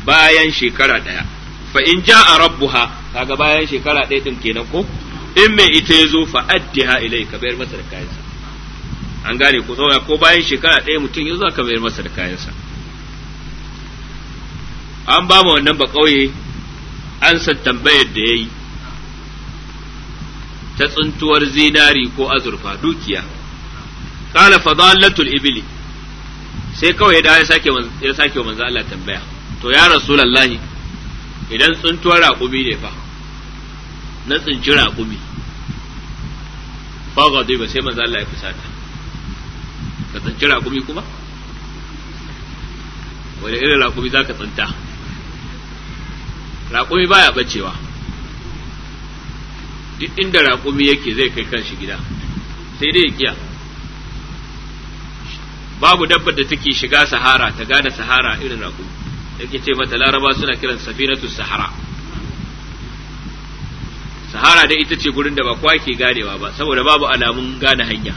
bayan shekara ɗaya fa in ja a rabbuha kaga bayan shekara ɗaya ɗin kenan ko in mai ita ya zo fa addiha ilai ka bayar masa da kayansa an gane ko saboda ko bayan shekara ɗaya mutum ya zo ka bayar masa da kayansa an ba mu wannan ba ƙauye an san tambayar da ya yi ta tsuntuwar zinari ko azurfa dukiya ƙala fadalatul ibili sai kawai da ya sake manzo Allah tambaya to ya rasulullahi idan tsuntuwar raƙumi ne fa na tsinci raƙumi fagadu ba sai manzo Allah ya fusata ka tsinci raƙumi kuma wani irin raƙumi za ka tsinta raƙumi baya bacewa duk inda raƙumi yake zai kai kanshi gida sai dai kiya babu dabbar da take shiga sahara ta gada sahara irin raƙumi yake ce mata laraba suna kiran safinatu sahara sahara dai ita ce gurin da ba kowa ke ganewa ba saboda babu alamun gane hanya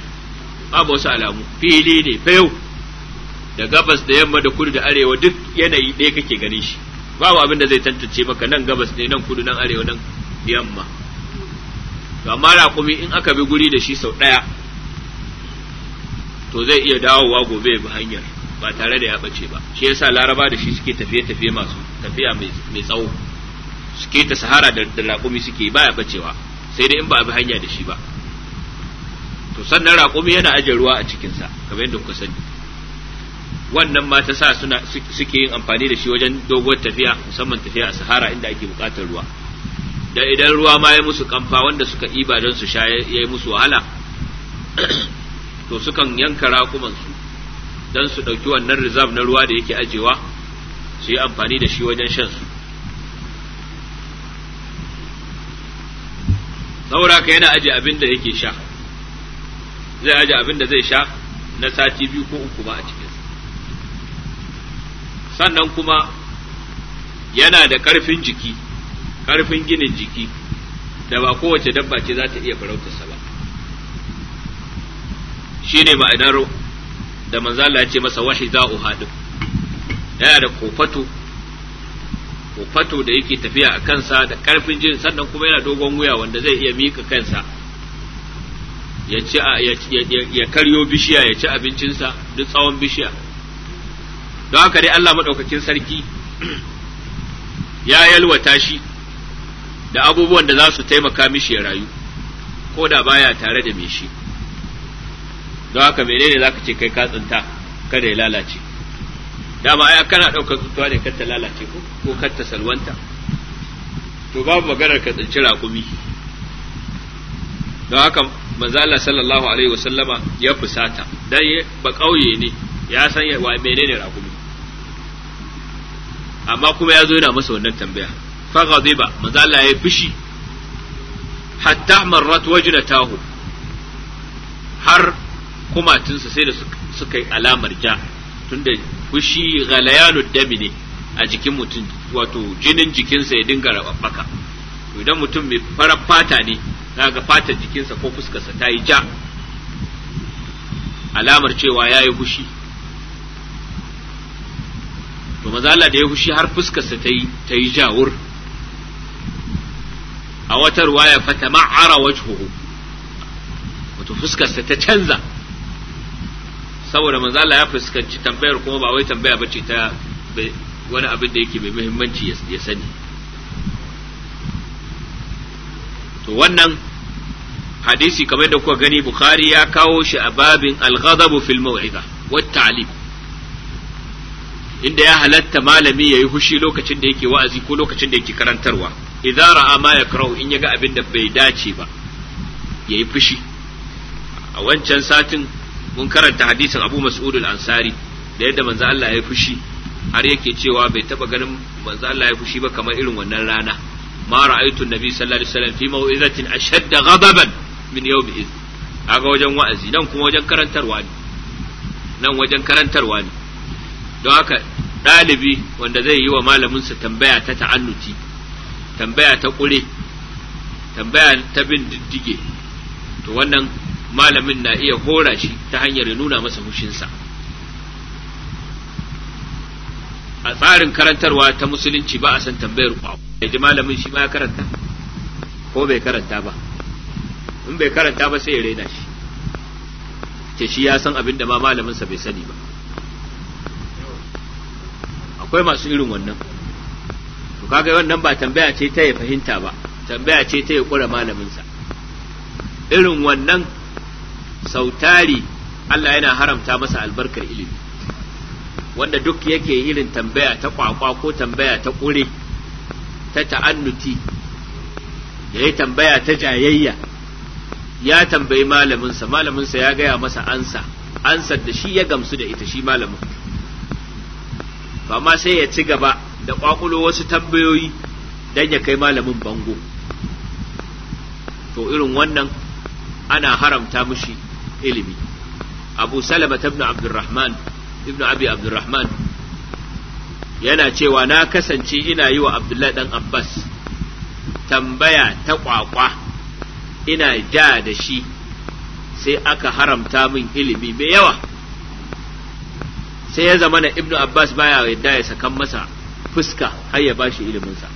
babu wasu alamu fili ne fayau da gabas da yamma da kudu da arewa duk yanayi ɗaya kake ganin shi babu abin da zai tantance maka nan gabas ne nan kudu nan arewa nan yamma to amma raƙumi in aka bi guri da shi sau ɗaya to zai iya dawowa gobe bi hanyar ba tare da ya bace ba shi yasa laraba da shi suke tafiye-tafiye masu tafiya mai tsawo suke ta sahara da raƙumi suke ba ya bacewa sai dai in ba a bi hanya da shi ba to sannan raƙumi yana ajiye ruwa a cikinsa kamar yadda kuka sani wannan ma ta sa suna suke yin amfani da shi wajen doguwar tafiya musamman tafiya a sahara inda ake bukatar ruwa da idan ruwa ma ya musu kamfa wanda suka iba don su sha ya yi musu wahala to sukan yanka raƙuman don su ɗauki wannan reserve na ruwa da yake ajewa su yi amfani da shi wajen shan su saboda ka yana aje abin da yake sha zai aje abin da zai sha na sati biyu ko uku ba a ciki sannan kuma yana da ƙarfin jiki ƙarfin ginin jiki da ba kowace dabba ce za ta iya farautarsa ba shi ne ma'anar da manzala ya ce masa wahi za haɗu. yana da kofato kofato da yake tafiya a kansa da ƙarfin jin sannan kuma yana dogon wuya wanda zai iya mika kansa ya karyo bishiya ya ci abincinsa duk tsawon bishiya don haka dai Allah maɗaukakin sarki ya yalwata shi da abubuwan da za su taimaka mishi ya rayu ko da baya tare da mai shi don haka menene za ka ce kai ka tsinta kada ya lalace dama aya kana ɗaukar tsutuwa ne kar ta lalace ko ko kar ta salwanta to babu maganar ka tsinci raƙumi don haka manzala sallallahu alaihi wasallama ya fusata dan ba ƙauye ne ya san wa menene raƙumi amma kuma ya zo yana masa wannan tambaya fa ghadiba manzo Allah ya fishi hatta marrat wajnatahu har kumatinsa sai da suka yi alamar ja tunda fushi ghalayanud dami ne a jikin mutum wato jinin jikinsa ya dinga rababbaka idan mutum mai farar fata ne ga fatar jikinsa ko fuskarsa ta yi ja alamar cewa ya yi fushi to maza da ya fushi har fuskarsa ta yi ta yi jawur a wata ruwaya fata ma'ara wajhuhu wato fuskarsa ta canza saboda Manzala ya fuskanci tambayar kuma ba wai tambaya bace ta wani abin da yake mai muhimmanci ya sani to wannan hadisi kamar da kuka gani bukhari ya kawo shi a babin al-ghadabu fil mau'iza wat ta'lim inda ya halatta malami yi hushi lokacin da yake wa'azi ko lokacin da yake karantarwa idza ra'a ma ya yakrahu in ya ga abin da bai dace ba yayi fushi a wancan satin mun karanta hadisin Abu Mas'ud al-Ansari da yadda manzo Allah yayi fushi har yake cewa bai taba ganin manzo Allah yayi fushi ba kamar irin wannan rana ma ra'aytu an-nabi sallallahu alaihi wasallam fi maw'izatin ashadda ghadaban min yawm idh aga wajen wa'azi nan kuma wajen karantarwa ne nan wajen karantarwa ne don haka ɗalibi wanda zai yi wa malaminsa tambaya ta ta'annuti tambaya ta ƙure tambaya ta bin diddige to wannan malamin na iya hora shi ta hanyar ya nuna masa hushinsa a tsarin karantarwa ta musulunci ba a san tambayar kwabu ya ji malamin shi ma ya karanta ko bai karanta ba in bai karanta ba sai ya raina shi ke shi ya san abin da ma malaminsa bai sani ba akwai masu irin wannan to kaga wannan ba tambaya ce ta ya fahimta ba tambaya ce ta ya kura malaminsa irin wannan sautari Allah yana haramta masa albarkar ilimi wanda duk yake irin tambaya ta kwakwa ko tambaya ta kure ta ta'annuti ya yi tambaya ta jayayya ya tambayi malaminsa malaminsa ya gaya masa ansa ansar da shi ya gamsu da ita shi malamin ba ma sai ya ci gaba da kwakulo wasu tambayoyi dan ya kai malamin bango to irin wannan ana haramta mushi ilimi abu salama ibn abdurrahman ibn abi abdurrahman yana cewa na kasance ina yi wa abdullahi dan abbas tambaya ta kwakwa ina ja da shi sai aka haramta min ilimi mai yawa sai ya zama na ibnu abbas baya yadda ya sakan masa fuska har ya bashi ilimin sa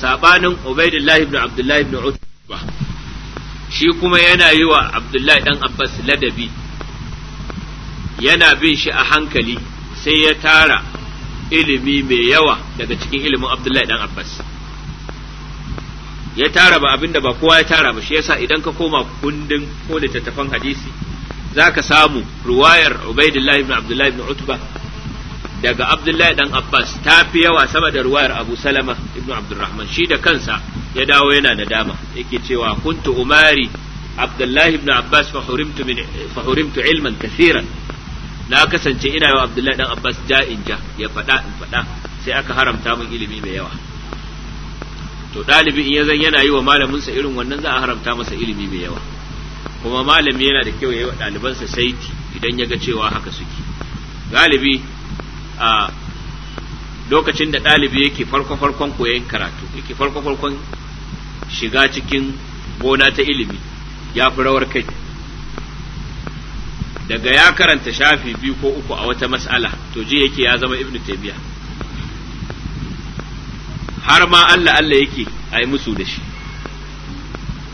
sabanin ubaidullahi ibnu abdullahi ibnu utba shi kuma yana yi wa abdullahi dan abbas ladabi yana bin shi a hankali sai ya tara ilimi mai yawa daga cikin ilimin abdullahi dan abbas ya tara ba abinda ba kowa ya tara ba shi yasa idan ka koma kundin ko littattafan hadisi za ka samu ruwayar Ubaidillah ibn Abdullah ibn Utba daga Abdullahi dan Abbas ta fi yawa sama da ruwayar Abu Salama ibn Abdurrahman shi da kansa ya dawo yana nadama yake cewa kuntu umari Abdullahi ibn Abbas fa hurimtu min fa hurimtu ilman kaseeran na kasance ina wa Abdullahi dan Abbas ja'in ja ya fada in fada sai aka haramta min ilimi mai yawa to ɗalibi in ya zan yana yi wa malaminsa irin wannan za a haramta masa ilimi mai yawa kuma malami yana da kyau ya yi wa ɗalibansa saiti idan ya ga cewa haka suke galibi a lokacin da ɗalibi yake farko-farkon koyon karatu yake farko-farkon shiga cikin gona ta ilimi ya fi rawar kai daga ya karanta shafi biyu ko uku a wata mas'ala to ji yake ya zama ibnu taymiya har ma Allah Allah yake a yi musu da shi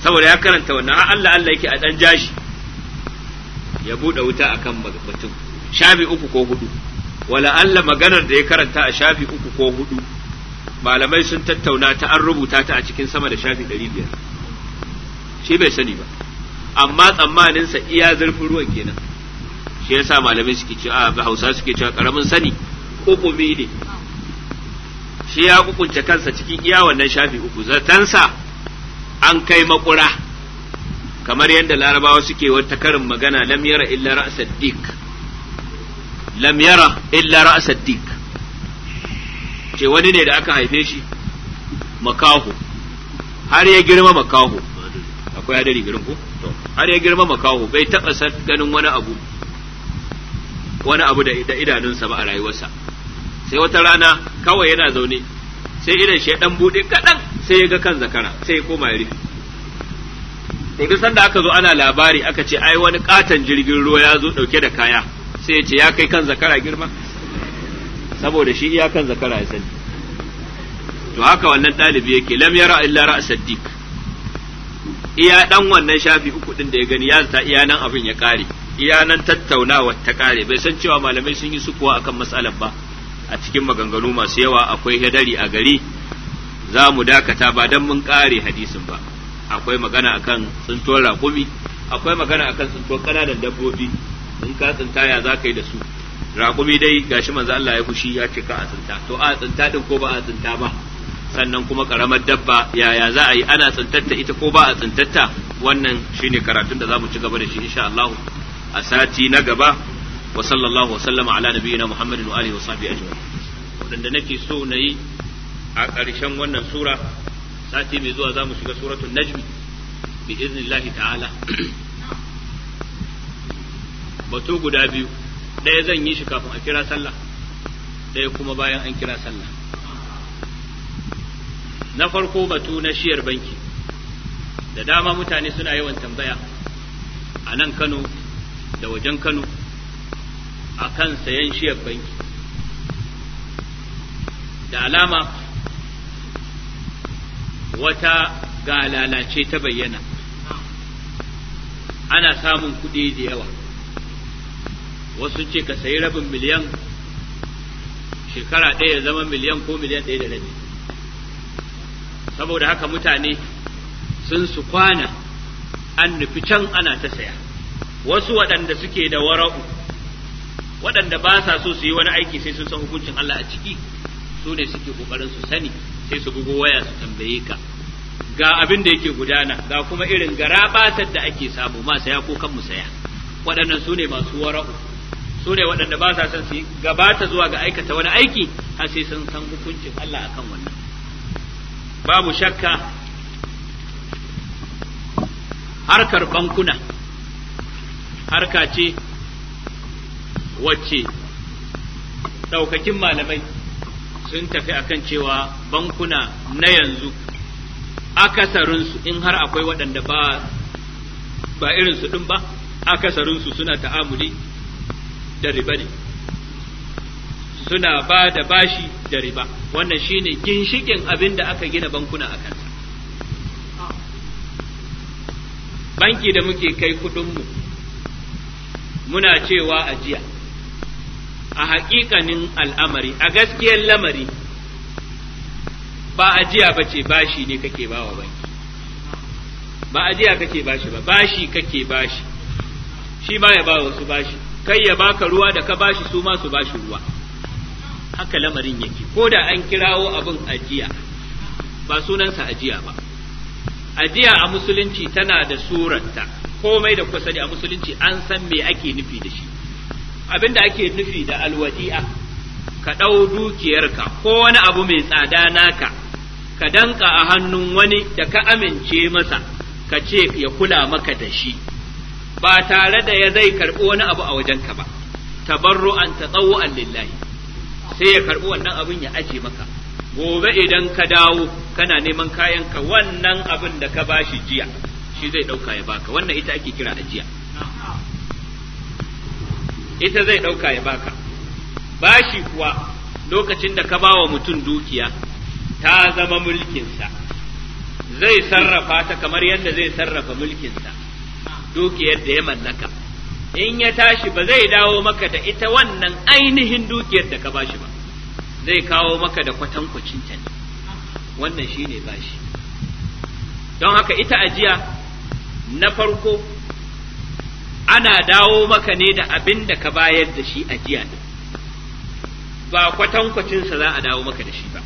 saboda ya karanta wannan har Allah Allah yake a dan jashi ya bude wuta akan mutum shafi uku ko hudu wala Allah maganar da ya karanta a shafi uku ko hudu malamai sun tattauna ta an rubuta ta a cikin sama da shafi ɗari biyar shi bai sani ba amma tsammanin sa iya zurfin ruwan kenan shi yasa malamai suke cewa a hausa suke cewa karamin sani kukumi ne shi ya kukunce kansa cikin iya wannan shafi uku zatansa an kai makura kamar yadda larabawa suke wata karin magana lam yara illa ra'sa dik lam yara illa ra'sa dik ce wani ne da aka haife shi makaho har ya girma makaho akwai hadari girin ko to har ya girma makaho bai taba san ganin wani abu wani abu da idanunsa ba a rayuwarsa sai wata rana kawai yana zaune sai idan shi ya dan bude kadan sai ya ga kan zakara sai ya koma ya rufe to duk sanda aka zo ana labari aka ce ai wani katon jirgin ruwa ya zo dauke da kaya sai ya ce ya kai kan zakara girma saboda shi iya kan zakara ya sani to haka wannan ɗalibi yake lam yara illa ra'a saddiq iya dan wannan shafi uku din da ya gani ya zata iya nan abin ya kare iya nan tattaunawa ta kare bai san cewa malamai sun yi sukuwa akan matsalar ba a cikin maganganu masu yawa akwai hadari a gari za mu dakata ba don mun ƙare hadisin ba akwai magana akan tsintuwar raƙumi akwai magana akan tsintuwar ƙananan dabbobi in ka tsinta ya za ka yi da su raƙumi dai gashi manzo Allah ya fushi ya ce ka a tsinta to a tsinta din ko ba a tsinta ba sannan kuma karamar dabba yaya za a yi ana tsintatta ita ko ba a tsintatta wannan shine karatun da za mu ci gaba da shi insha Allah a sati na gaba wa sallallahu wa sallama ala nabiyina Muhammadin wa alihi wa sahbihi ajma'in wanda nake so na yi a ƙarshen wannan sura sati mai zuwa za mu shiga suratun najmi bi iznillahi ta'ala batu guda biyu ɗaya zan yi shi kafin a kira sallah ɗaya kuma bayan an kira sallah na farko batu na shiyar banki da dama mutane suna yawan tambaya a nan kano da wajen kano a kan sayan shiyar banki da alama wata ga lalace ta bayyana ana samun kuɗi da yawa wasu ce ka sayi rabin miliyan shekara ɗaya ya zama miliyan ko miliyan ɗaya da rabi saboda haka mutane sun su kwana an nufi can ana ta saya wasu waɗanda suke da wara'u waɗanda ba sa so su yi wani aiki sai sun san hukuncin Allah a ciki su ne suke ƙoƙarin su sani sai su bugo waya su tambaye ka ga abin da yake gudana ga kuma irin garabatar da ake samu ma saya ko kan saya waɗannan su ne masu wara'u su ne waɗanda ba sa son su gabata zuwa ga aikata wani aiki har sai sun san hukuncin Allah akan wannan babu shakka harkar bankuna harka ce wacce ɗaukakin malamai sun tafi akan cewa bankuna na yanzu akasarinsu in har akwai waɗanda ba ba su ɗin ba akasarinsu suna ta'amuli da riba ne suna ba da bashi da riba wannan shine ginshikin abin da aka gina bankuna a kansa banki da muke kai kuɗinmu muna cewa ajiya a haƙiƙanin al'amari a gaskiyar lamari ba ajiya ba ce bashi ne kake bawa banki ba ajiya kake bashi ba bashi kake bashi shi ma ya ba wasu bashi kai ya baka ruwa da ka bashi su ma su bashi ruwa haka lamarin yake ko da an kirawo abin ajiya ba sunansa ajiya ba ajiya a musulunci tana da suranta komai da kusa sani a musulunci an san me ake nufi da shi abinda ake nufi da alwadi'a ka ɗau dukiyarka ko wani abu mai tsada naka ka danka a hannun wani da ka amince masa ka ce ya kula maka da shi ba tare da ya zai karɓi wani abu a wajenka ba tabarru an tsawo lillahi sai ya karɓi wannan abin ya aje maka gobe idan ka dawo kana neman kayanka wannan abin da ka bashi jiya shi zai ɗauka ya baka wannan ita ake kira ajiya ita zai ɗauka ya baka bashi kuwa lokacin da ka bawa mutum dukiya ta zama mulkinsa zai sarrafa ta kamar yadda zai sarrafa mulkinsa dukiyar da ya mallaka in ya tashi ba zai dawo maka da ita wannan ainihin dukiyar da ka bashi ba zai kawo maka da kwatankwacinta ne wannan shine bashi don haka ita ajiya na farko ana dawo maka ne da abin da ka bayar da shi a jiya ba kwatankwacinsa za a dawo maka da shi ba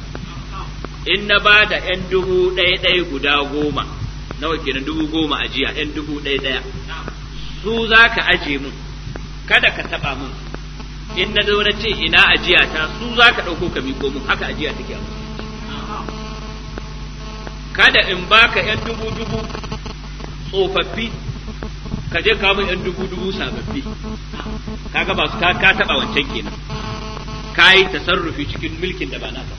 in na ba da ‘yan dubu ɗaya ɗaya guda goma nawa kenan dubu goma a jiya ‘yan dubu ɗaya ɗaya su za ka aje mun kada ka taɓa mun in na zo na ce ina jiya ta su za ka ɗauko ka miko mun haka ajiya take a kada in baka ‘yan dubu dubu tsofaffi ka je ka mun yan dubu dubu sababbi kaga ba su ka ka taba wancan kenan kai tasarrufi cikin mulkin da ba na naka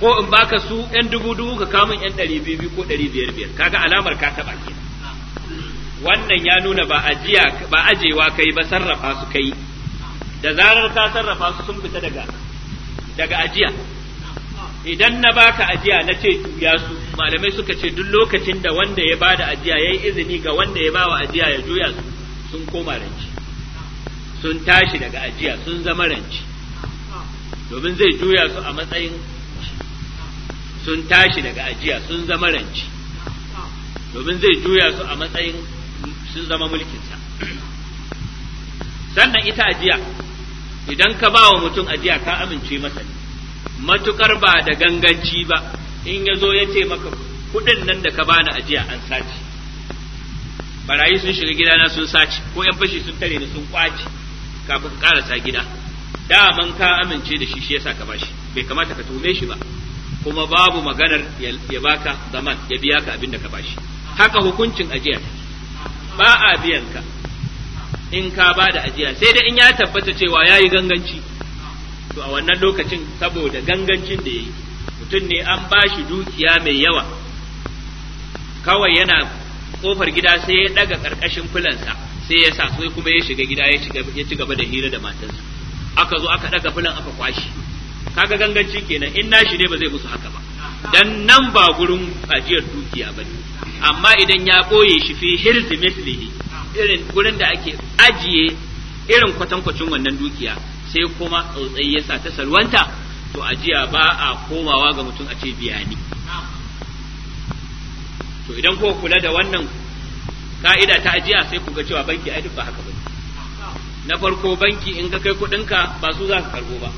ko in baka su yan dubu dubu ka kamun yan ɗari biyu ko ɗari biyar biyar kaga alamar ka taba kenan wannan ya nuna ba ajiya ba ajewa kai ba sarrafa su kai da zarar ka sarrafa su sun fita daga daga ajiya idan na baka ajiya na ce juya su malamai suka ce duk lokacin da wanda ya bada ajiya yayi izini ga wanda ya bawa ajiya ya juya su sun koma ranci sun tashi daga ajiya sun zama ranci domin zai juya su a matsayin sun tashi daga ajiya sun zama ranci domin zai juya su a matsayin sun zama mulkinsa sannan ita ajiya idan ka ba wa mutum ajiya ka amince masa ne matukar ba da ganganci ba in yazo zo ya ce maka kuɗin nan da ka bani ajiya an sace barayi sun shiga gidana sun sace ko yan fashi sun tare ni sun kwace kafin karasa gida daman ka amince da shi shi yasa ka bashi bai kamata ka tume shi ba kuma babu maganar ya baka zaman ya biya ka abin da ka bashi haka hukuncin ajiya ba a biyan ka in ka ba ajiya sai dai in ya tabbata cewa ya yi ganganci to a wannan lokacin saboda gangancin da ya yi mutum ne an ba shi dukiya mai yawa kawai yana kofar gida sai ya daga karkashin filansa sai ya sa sai kuma ya shiga gida ya ci gaba da hira da matarsa aka zo aka daga filan aka kwashi kaga ganganci kenan in nashi ne ba zai musu haka ba dan nan ba gurin ajiyar dukiya ba ne amma idan ya ɓoye shi fi hirzi mislihi irin gurin da ake ajiye irin kwatankwacin wannan dukiya sai kuma tsautsai ya sa ta salwanta to ajiya ba a komawa ga mutum a ce biya ni to idan ko kula da wannan ka'ida ta ajiya sai ku ga cewa banki ai duk ba haka ba. na farko banki in ka kai kuɗinka ba su za ka karbo ba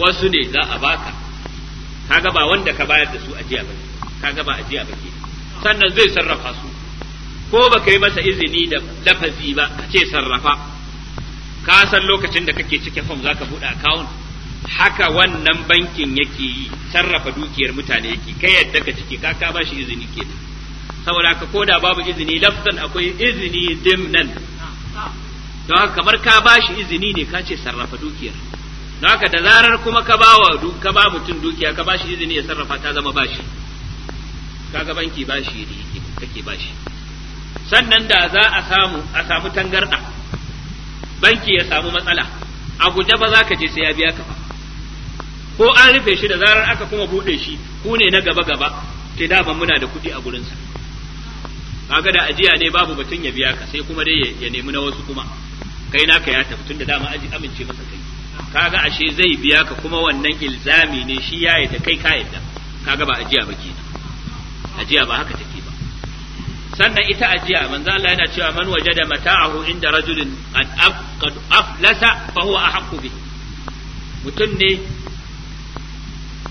wasu ne za a baka Ka ba wanda ka bayar da su ajiya ba kaga ba ajiya ba ke sannan zai sarrafa su ko ba kai masa izini da lafazi ba a ce sarrafa ka san lokacin da kake cike fom zaka buɗe akawun? haka wannan bankin yake yi sarrafa dukiyar mutane yake kai yadda ka cike ka ka bashi izini ke. saboda ka koda babu izini lafzan akwai izini dimnan don haka kamar ka bashi izini ne ka ce sarrafa dukiyar don haka da zarar kuma ka ba wa ka ba mutum dukiya ka bashi izini ya sarrafa ta zama bashi kaga banki bashi ne kake bashi sannan da za a samu a samu tangarda banki ya samu matsala a guje ba za ka je sai ya biya ka ba ko an rufe shi da zarar aka kuma buɗe shi ku ne na gaba gaba ke da ban muna da kuɗi a gurinsa kaga da ajiya ne babu batun ya biya ka sai kuma dai ya nemi na wasu kuma kai naka ya tafi tun da dama aji amince masa kai kaga ashe zai biya ka kuma wannan ilzami ne shi ya yi da kai ka yadda kaga ba ajiya ba kenan ajiya ba haka sannan ita ajiya manzo Allah yana cewa man wajada mata'ahu inda rajulin qad qad aflasa fa huwa ahqqu bi mutum ne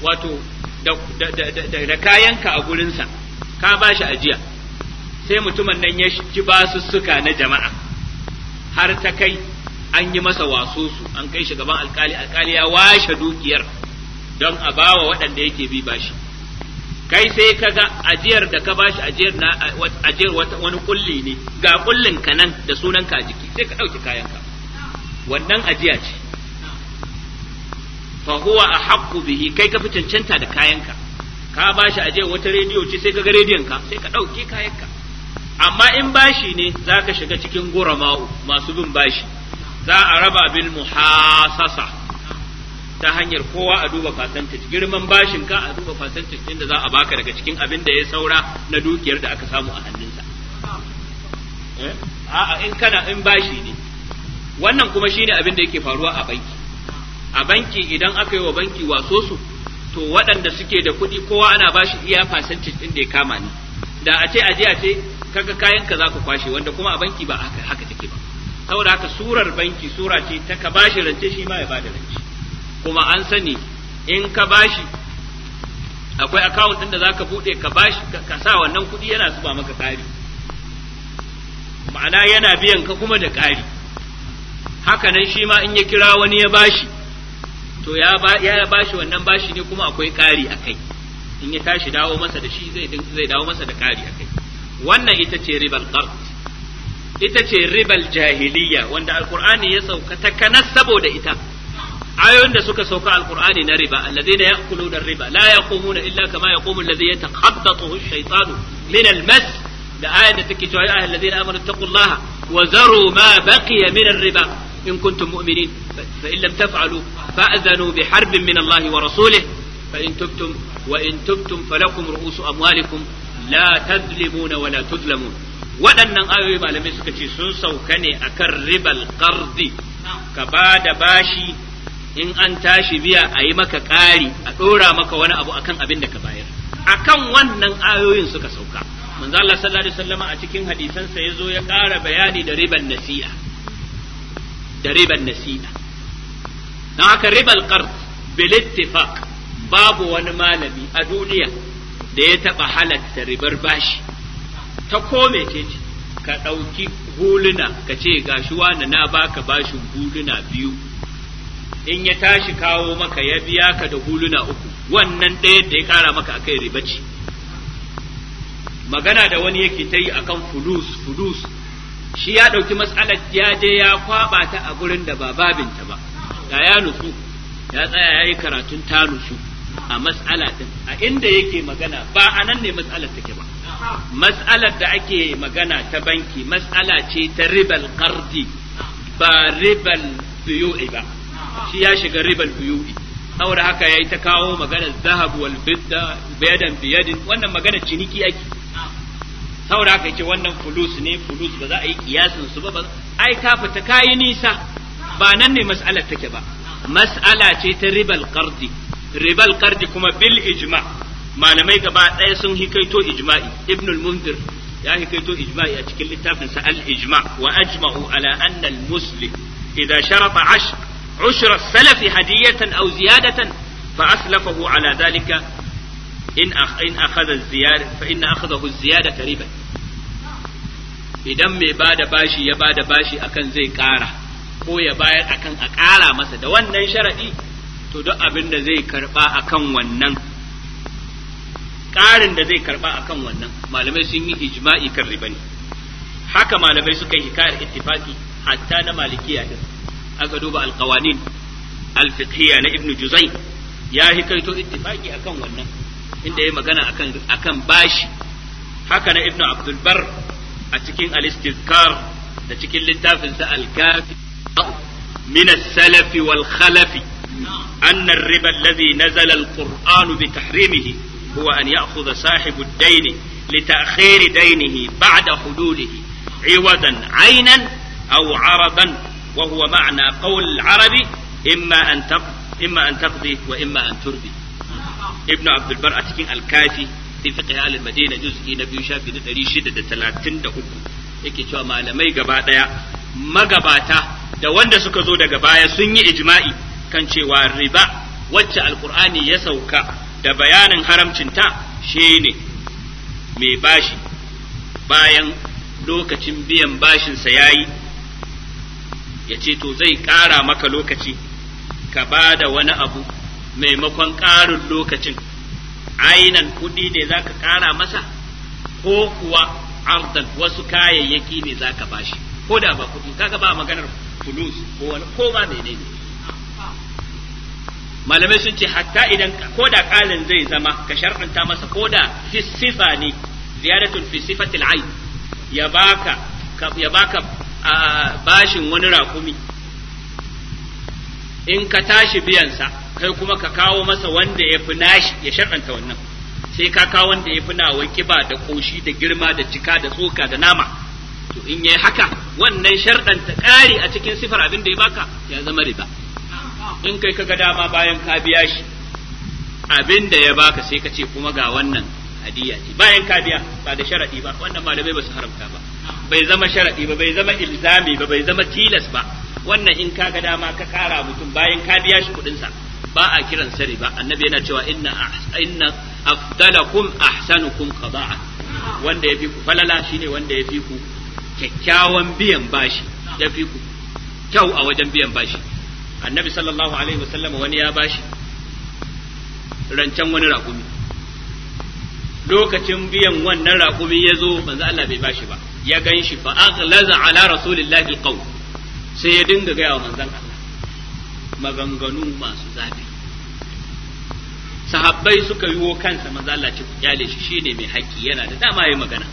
wato da kayanka a gurinsa ka ba shi ajiya sai mutumin nan ya ci suka na jama'a har ta kai an yi masa waso su an kai shi gaban alkali alkali ya washe dukiyar don a bawa waɗanda yake bi bashi kai sai ka ga ajiyar da ka bashi ajiyar na ajiyar wani kulli ne ga kullin ka nan da sunan ka jiki sai ka dauki kayan ka wannan ajiya ce fa huwa ahqqu bihi kai ka fi cancanta da kayan ka ka bashi ajiyar wata rediyo ce sai ka ga rediyon ka sai ka dauki kayan ka amma in bashi ne zaka shiga cikin gurama'u masu bin bashi za a raba bil muhasasa ta hanyar kowa a duba percentage girman bashin ka a duba percentage din da za a baka daga cikin abin da ya saura na dukiyar da aka samu a hannunsa eh? a'a in kana in bashi ne wannan kuma shine abin da yake faruwa a banki a banki idan aka yi wa banki waso su to waɗanda suke da kuɗi kowa ana bashi iya percentage din da ya kama ni da a ce a je a ce kaga kayan ka zaka kwashe wanda kuma a banki ba haka take ba saboda haka surar banki sura ce ta ka bashi rance shi ma ya bada rance kuma an sani in ka bashi akwai account ɗin da zaka buɗe ka bashi ka sa wannan kuɗi yana zuba maka kari ma'ana yana biyan ka kuma da kari haka nan shi ma in ya kira wani ya bashi to ya bashi wannan bashi ne kuma akwai ƙari a in ya tashi dawo masa da shi zai dawo masa da ƙari a wannan ita ce ribal qard ita ce ribal jahiliya wanda alqur'ani ya sauka ta kanas saboda ita ayoyin da suka sauka alqur'ani na riba allazina ya'kuluna riba la yaqumuna illa kama yaqumu allazi yatakhabbathu ash-shaytanu min al-mas da ayar da take cewa ayyuhal ladzina amanu taqullaha wa zaru ma baqiya min ar-riba in kuntum mu'minin fa in lam taf'alu fa'zanu bi harbin min Allah wa rasulih fa in tubtum wa in tubtum falakum ru'usu amwalikum la tadlimuna wa la tudlamun waɗannan ayoyi malamai suka ce sun sauka ne akan ribal qardi ka ba da bashi in an tashi biya a yi maka ƙari a ɗora maka wani abu akan abin da ka bayar akan wannan ayoyin suka sauka manzo Allah sallallahu alaihi wasallam a cikin hadisansa ya zo ya ƙara bayani da riban nasi'a da riban nasi'a dan haka ribal qard bil ittifaq babu wani malami a duniya da ya taba halatta ribar bashi ta kome ce ka ɗauki huluna ka ce gashi wani na baka bashin huluna biyu in ya tashi kawo maka ya biya ka da huluna uku wannan ɗaya da ya kara maka akai riba ce magana da wani yake ta yi akan fulus fulus shi ya ɗauki matsalar ya je ya kwaɓa ta a gurin da ba babinta ba da ya nutsu ya tsaya ya yi karatun ta nutsu a matsala ɗin a inda yake magana ba a nan ne matsalar take ba matsalar da ake magana ta banki matsala ce ta ribal kardi ba ribal biyo'i ba shi ya shiga ribal buyu'i saboda haka yayi ta kawo magana zahab wal bidda bayadan biyadin wannan magana ciniki ake saboda haka yace wannan fulus ne fulus ba za a yi kiyasin su ba ai ka fita nisa ba nan ne mas'alar take ba mas'ala ce ta ribal qardi ribal qardi kuma bil ijma malamai gaba ɗaya sun hikaito ijma'i ibnul mundir ya hikaito ijma'i a cikin littafin al ijma wa ajma'u ala anna al muslim idza ash. عشر السلف هدية أو زيادة فأسلفه على ذلك إن إن أخذ الزيادة فإن أخذه الزيادة ربا idan mai ba da bashi ya ba da bashi akan zai ƙara ko ya bayar akan a ƙara masa da wannan sharaɗi to duk abin da zai karɓa akan wannan ƙarin da zai karɓa wannan malamai sun yi ijma'i kan ribani, haka malamai suka yi hikayar ittifaki hatta na malikiya din aka duba alqawanin alfiqhiyya na ibnu juzai ya hikaito ittifaki akan wannan inda yayi magana akan akan bashi haka na ibnu abdul bar a cikin alistizkar da cikin littafin sa alkafi min as-salafi wal khalafi أن الربا الذي نزل القرآن بتحريمه هو أن يأخذ صاحب الدين لتأخير دينه بعد حدوده عوضا عينا أو عرضا Wahuwa ma'ana ma'na arabi imma taqdi wa imma an turdi abdul bar a cikin Alkafi. kafi fi fiqh al-madina juz'i na biyu shafi na 633 yake cewa malamai gaba daya magabata da wanda suka zo daga baya sun yi ijma'i kan cewa riba wacce alqur'ani ya sauka da bayanin haramcinta shine mai bashi bayan lokacin biyan bashinsa ya yi ya ce to zai ƙara maka lokaci ka ba da wani abu maimakon ƙarin lokacin ainan kuɗi ne za ka ƙara masa ko kuwa ardan wasu kayayyaki ne za ka bashi ko da ba kuɗi kaga ba maganar fulus ko wani ko ma menene malamai sun ce hatta idan ko da ƙalin zai zama ka sharɗanta masa ko da fisifa ne ziyaratun fisifatil sifatil ayn ya baka ya baka a bashin wani rakumi in ka tashi biyan sa kai kuma ka kawo masa wanda ya fi nashi ya sharɗanta wannan sai ka kawo wanda ya fi nawa kiba da ƙoshi da girma da cika da tsoka da nama to in yayi haka wannan sharɗanta ƙari a cikin sifar abin da ya baka ya zama riba in kai ka ga dama bayan ka biya shi abin da ya baka sai ka ce kuma ga wannan hadiya ce bayan ka biya ba da sharaɗi ba wannan malamai ba su haramta ba bai zama sharadi ba bai zama ilzami ba bai zama tilas ba wannan in kaga dama ka kara mutum bayan ka biya shi kudin sa ba a kiran sare ba. annabi yana cewa inna ah, inna afdalakum ahsanukum qada'a wanda yafi ku falala shine wanda yafi ku kyakkyawan biyan bashi yafi ku kyau a wajen biyan bashi annabi sallallahu alaihi wasallam wani ya bashi rancen wani raƙumi lokacin biyan wannan raƙumi ya zo manzo Allah bai bashi ba ya gan shi fa aghlaza ala rasulillahi qaw sai ya dinga gaya wa manzon Allah maganganu masu zafi sahabbai suka yiwo kansa manzo Allah ce ku kyale shi shine mai haƙƙi yana da dama yayin magana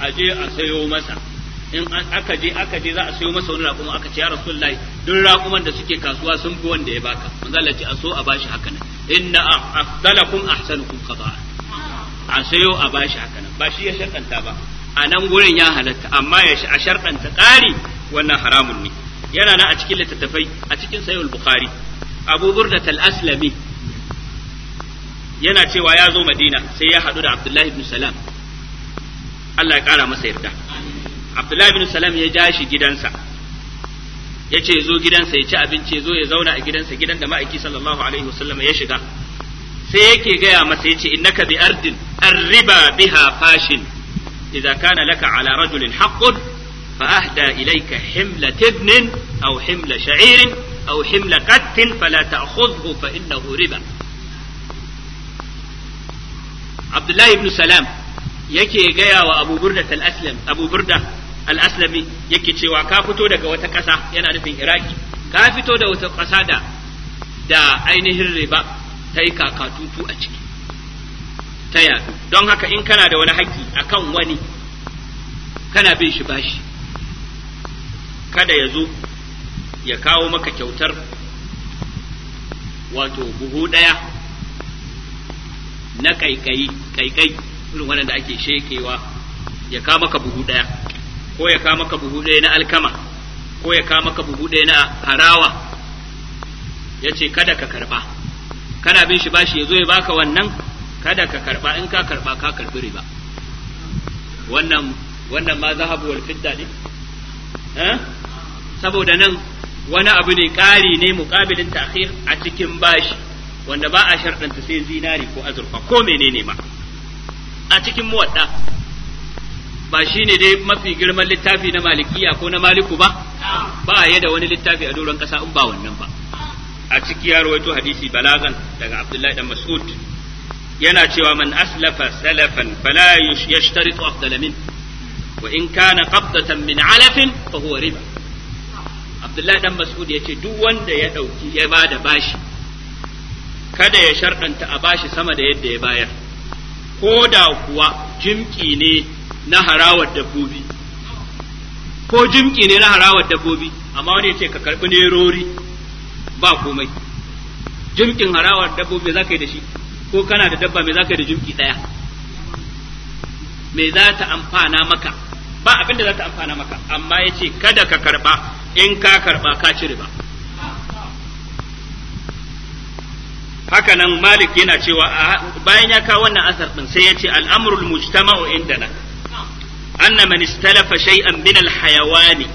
a je a sayo masa in aka je aka je za a sayo masa wani raƙuma aka ce ya rasulullahi duk raƙuman da suke kasuwa sun fi wanda ya baka manzo Allah ce a so a bashi haka nan inna afdalakum ahsanukum qada'a a sayo a bashi haka nan ba shi ya shakanta ba a nan gurin ya halatta amma ya a sharɗanta ƙari wannan haramun ne yana nan a cikin littattafai a cikin sayul bukhari abu burdat al-aslami yana cewa ya zo madina sai ya haɗu da abdullahi ibn salam allah ya ƙara masa yarda abdullahi ibn salam ya ja shi gidansa ya ce zo gidansa ya ci abinci zo ya zauna a gidansa gidan da ma'aiki sallallahu alaihi wasallam ya shiga sai yake gaya masa ya ce innaka bi ardin arriba biha fashin إذا كان لك على رجل حق فأهدى إليك حمل تبن أو حمل شعير أو حمل قت فلا تأخذه فإنه ربا عبد الله بن سلام yake gaya wa abu burda al-aslam abu burda al-aslami yake cewa ka fito daga wata ƙasa yana nufin iraki ka fito da wata ƙasa da da ainihin riba ta yi kakatutu a ciki Taya don haka in kana da wani haƙƙi kan wani kana bin shi bashi kada ya zo ya kawo maka kyautar wato buhu ɗaya na ƙaiƙai ƙaiƙai irin wannan da ake shekewa ya kawo maka buhu ɗaya ko ya kawo maka buhu ɗaya na alkama ko ya kawo maka buhu ɗaya na harawa ya ce kada ka karba kana bin shi bashi ya zo ya baka wannan kada ka karba in ka karba ka karbi riba wannan wannan ma zahabu wal fidda ne eh saboda nan wani abu ne ƙari ne muƙabilin ta'khir a cikin bashi wanda ba a sharɗanta sai zinari ko azurfa ko menene ma a cikin muwadda ba shi ne dai mafi girman littafi na malikiya ko na maliku ba ba ya da wani littafi a doron ƙasa in ba wannan ba a ciki ya rawaito hadisi balagan daga abdullahi dan mas'ud yana cewa man aslafa salafan fala yashtaritu afdala min wa in kana qabdatan min alafin fa huwa riba Abdullahi dan Mas'ud yace duk wanda ya dauki ya bada bashi kada ya sharɗanta a bashi sama da yadda ya bayar ko da kuwa jimki ne na harawar dabbobi ko jimki ne na harawar dabbobi amma wani ya ce ka karɓi nerori ba komai jimkin harawar dabbobi za ka yi da shi ko kana da dabba me za ka yi da jimki ɗaya me za ta amfana maka ba abin da za ta amfana maka amma ya ce kada ka karɓa in ka karɓa ka cire ba. haka nan malik yana cewa bayan ya kawo wannan asar ɗin sai ya ce al'amrul mujtama'u na anna man istalafa shay'an min al-hayawani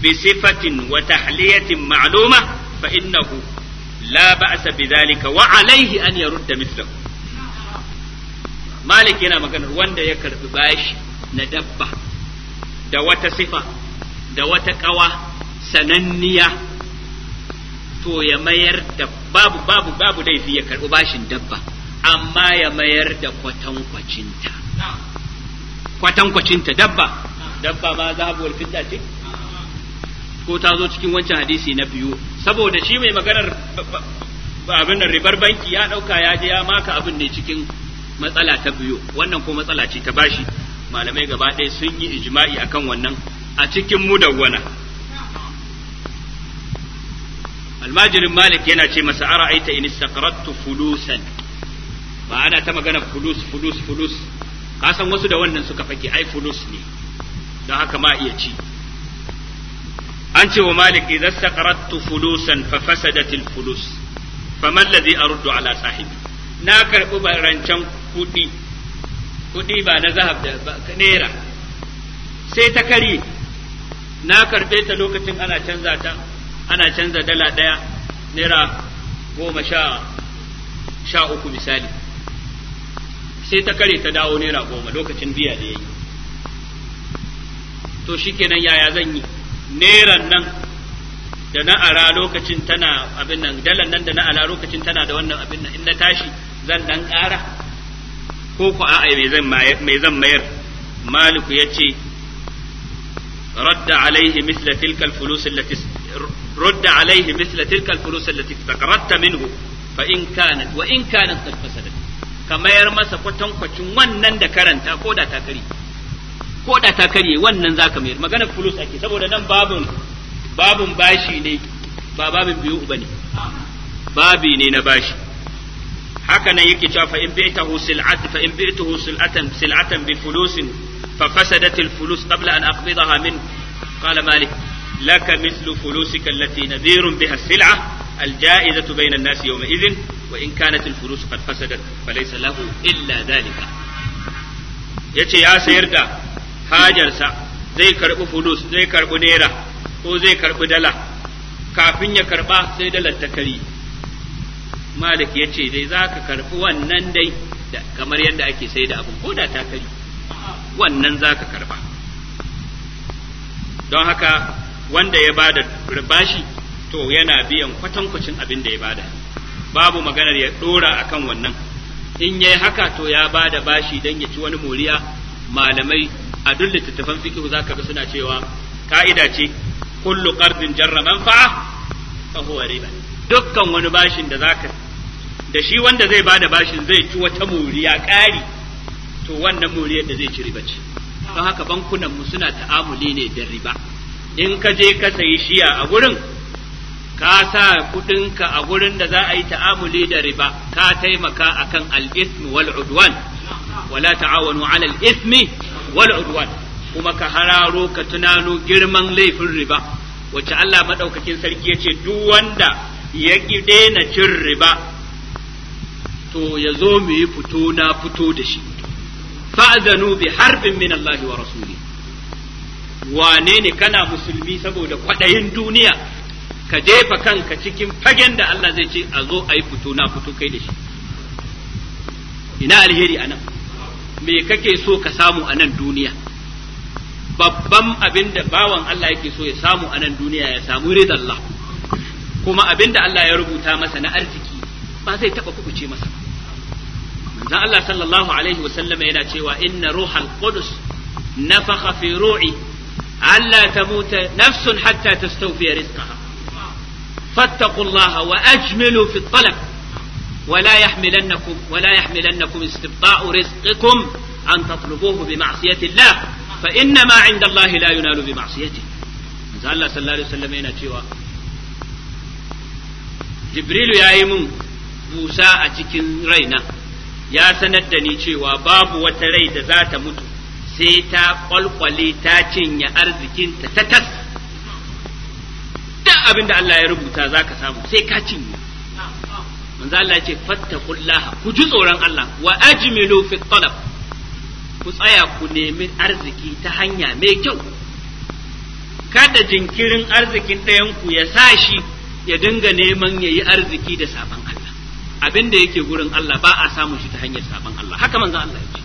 bi sifatin wa tahliyatin ma'luma fa innahu Laba ba'sa bidhalika wa alaihi an yarudda mithlahu malik yana maganar wanda ya karbi bashi na dabba da wata sifa da wata ƙawa sananniya to ya mayar da babu babu babu laifi ya karbi bashin dabba amma ya mayar da kwatankwacinta kwatankwacinta dabba dabba ma zabuwar wal ko ta zo cikin wancan hadisi na biyu saboda shi mai maganar abin nan ribar banki ya dauka ya je ya maka abin ne cikin matsala ta biyu wannan ko matsala ce ta bashi malamai gaba ɗaya sun yi ijma'i akan wannan a cikin mudawwana almajirin malik yana ce masa ara'aita in istaqrattu fulusan ba ana ta magana fulus fulus fulus kasan wasu da wannan suka fake ai fulus ne don haka ma iya ci an ce wa malik idza saqarattu fulusan fa fasadat al fulus man ladhi aruddu ala sahibi na karbu barancan kuɗi kuɗi ba na zahab da naira sai ta kare na karbe ta lokacin ana canza ta ana canza dala ɗaya naira goma sha sha uku misali sai ta kare ta dawo naira goma lokacin biya da yayi to shikenan yaya zan yi neran nan da na ara lokacin tana abin nan dalan nan da na ara lokacin tana da wannan abin nan in na tashi zan dan ƙara ko ku a'a me zan zan mayar maliku yace radda alaihi misla tilka alfulus allati radda alaihi misla tilka alfulus allati taqarratta minhu fa in kanat wa in kanat qad fasadat ka mayar masa kwatankwacin wannan da karanta ko da ta kare ko da ta karye wannan ka mayar magana fulus ake saboda nan babun babun bashi ne ba babin biyu bane babi ne na bashi haka nan yake cewa fa in hu sil'at fa in bi'tahu sil'atan sil'atan bi fulusin fa fasadat al fulus qabla an aqbidaha min qala malik laka mithlu sil'a الجائزة بين الناس يومئذ وإن كانت الفلوس قد فسدت فليس له إلا ذلك yace ya sayar da hajarsa zai karbi fulus zai karbi naira ko zai karbi dala kafin ya karba sai dalar ta kari malik ya ce dai za ka karbi wannan dai kamar yadda ake sai da abin ko da ta kari wannan za ka karba don haka wanda ya bada bashi to yana biyan kwatankwacin abin da ya bada babu maganar ya dora akan wannan in yayi haka to ya bada bashi dan ya ci wani moriya malamai a duk littattafan fiqh zaka ga suna cewa ka'ida ce kullu qardin jarra manfa'a fa huwa riba dukkan wani bashin da zaka da shi wanda zai bada bashin zai ci wata muriya ƙari to wannan muriyar da zai ci riba ce don haka bankunan mu suna ta'amuli ne da riba in ka je ka sayi shiya a gurin ka sa kudinka a gurin da za a yi ta'amuli da riba ka taimaka akan al-ithm wal udwan wala ta'awanu 'ala al-ithmi wal udwan kuma ka hararo ka tunano girman laifin riba wacce Allah madaukakin sarki yace duk wanda ya ki daina cin riba to ya zo mu yi fito na fito da shi fa'zanu bi harbin min Allah wa rasuli wane ne kana musulmi saboda kwadayin duniya ka jefa kanka cikin fagen da Allah zai ce a zo a yi fito na fito kai da shi ina alheri anan me kake so ka samu a nan duniya babban abin da bawan Allah yake so ya samu a nan duniya ya samu ridallah kuma abin da Allah ya rubuta masa na arziki ba zai taba kubuce masa manzon Allah sallallahu alaihi wasallam yana cewa inna ruhal qudus nafakha fi ru'i alla tamuta nafsun hatta tastawfi rizqaha fattaqullaha wa ajmilu fi talab ولا يحملنكم ولا يحملنكم استبطاء رزقكم أن تطلبوه بمعصية الله فإنما عند الله لا ينال بمعصيته manzo Allah sallallahu alaihi wasallam yana cewa Jibrilu ya yi mun busa a cikin raina ya sanar da ni cewa babu wata rai da za ta mutu sai ta kwalkwale ta cinye arzikinta ta tas duk abin da Allah ya rubuta za ka samu sai ka cinye manzo Allah ya ce ku ji tsoron Allah wa ajmilu fi talab ku tsaya ku nemi arziki ta hanya mai kyau kada jinkirin arzikin ɗayan ku ya sa shi ya dinga neman yayi arziki da sabon Allah abin yake gurin Allah ba a samu shi ta hanyar sabon Allah haka manzo Allah ya ce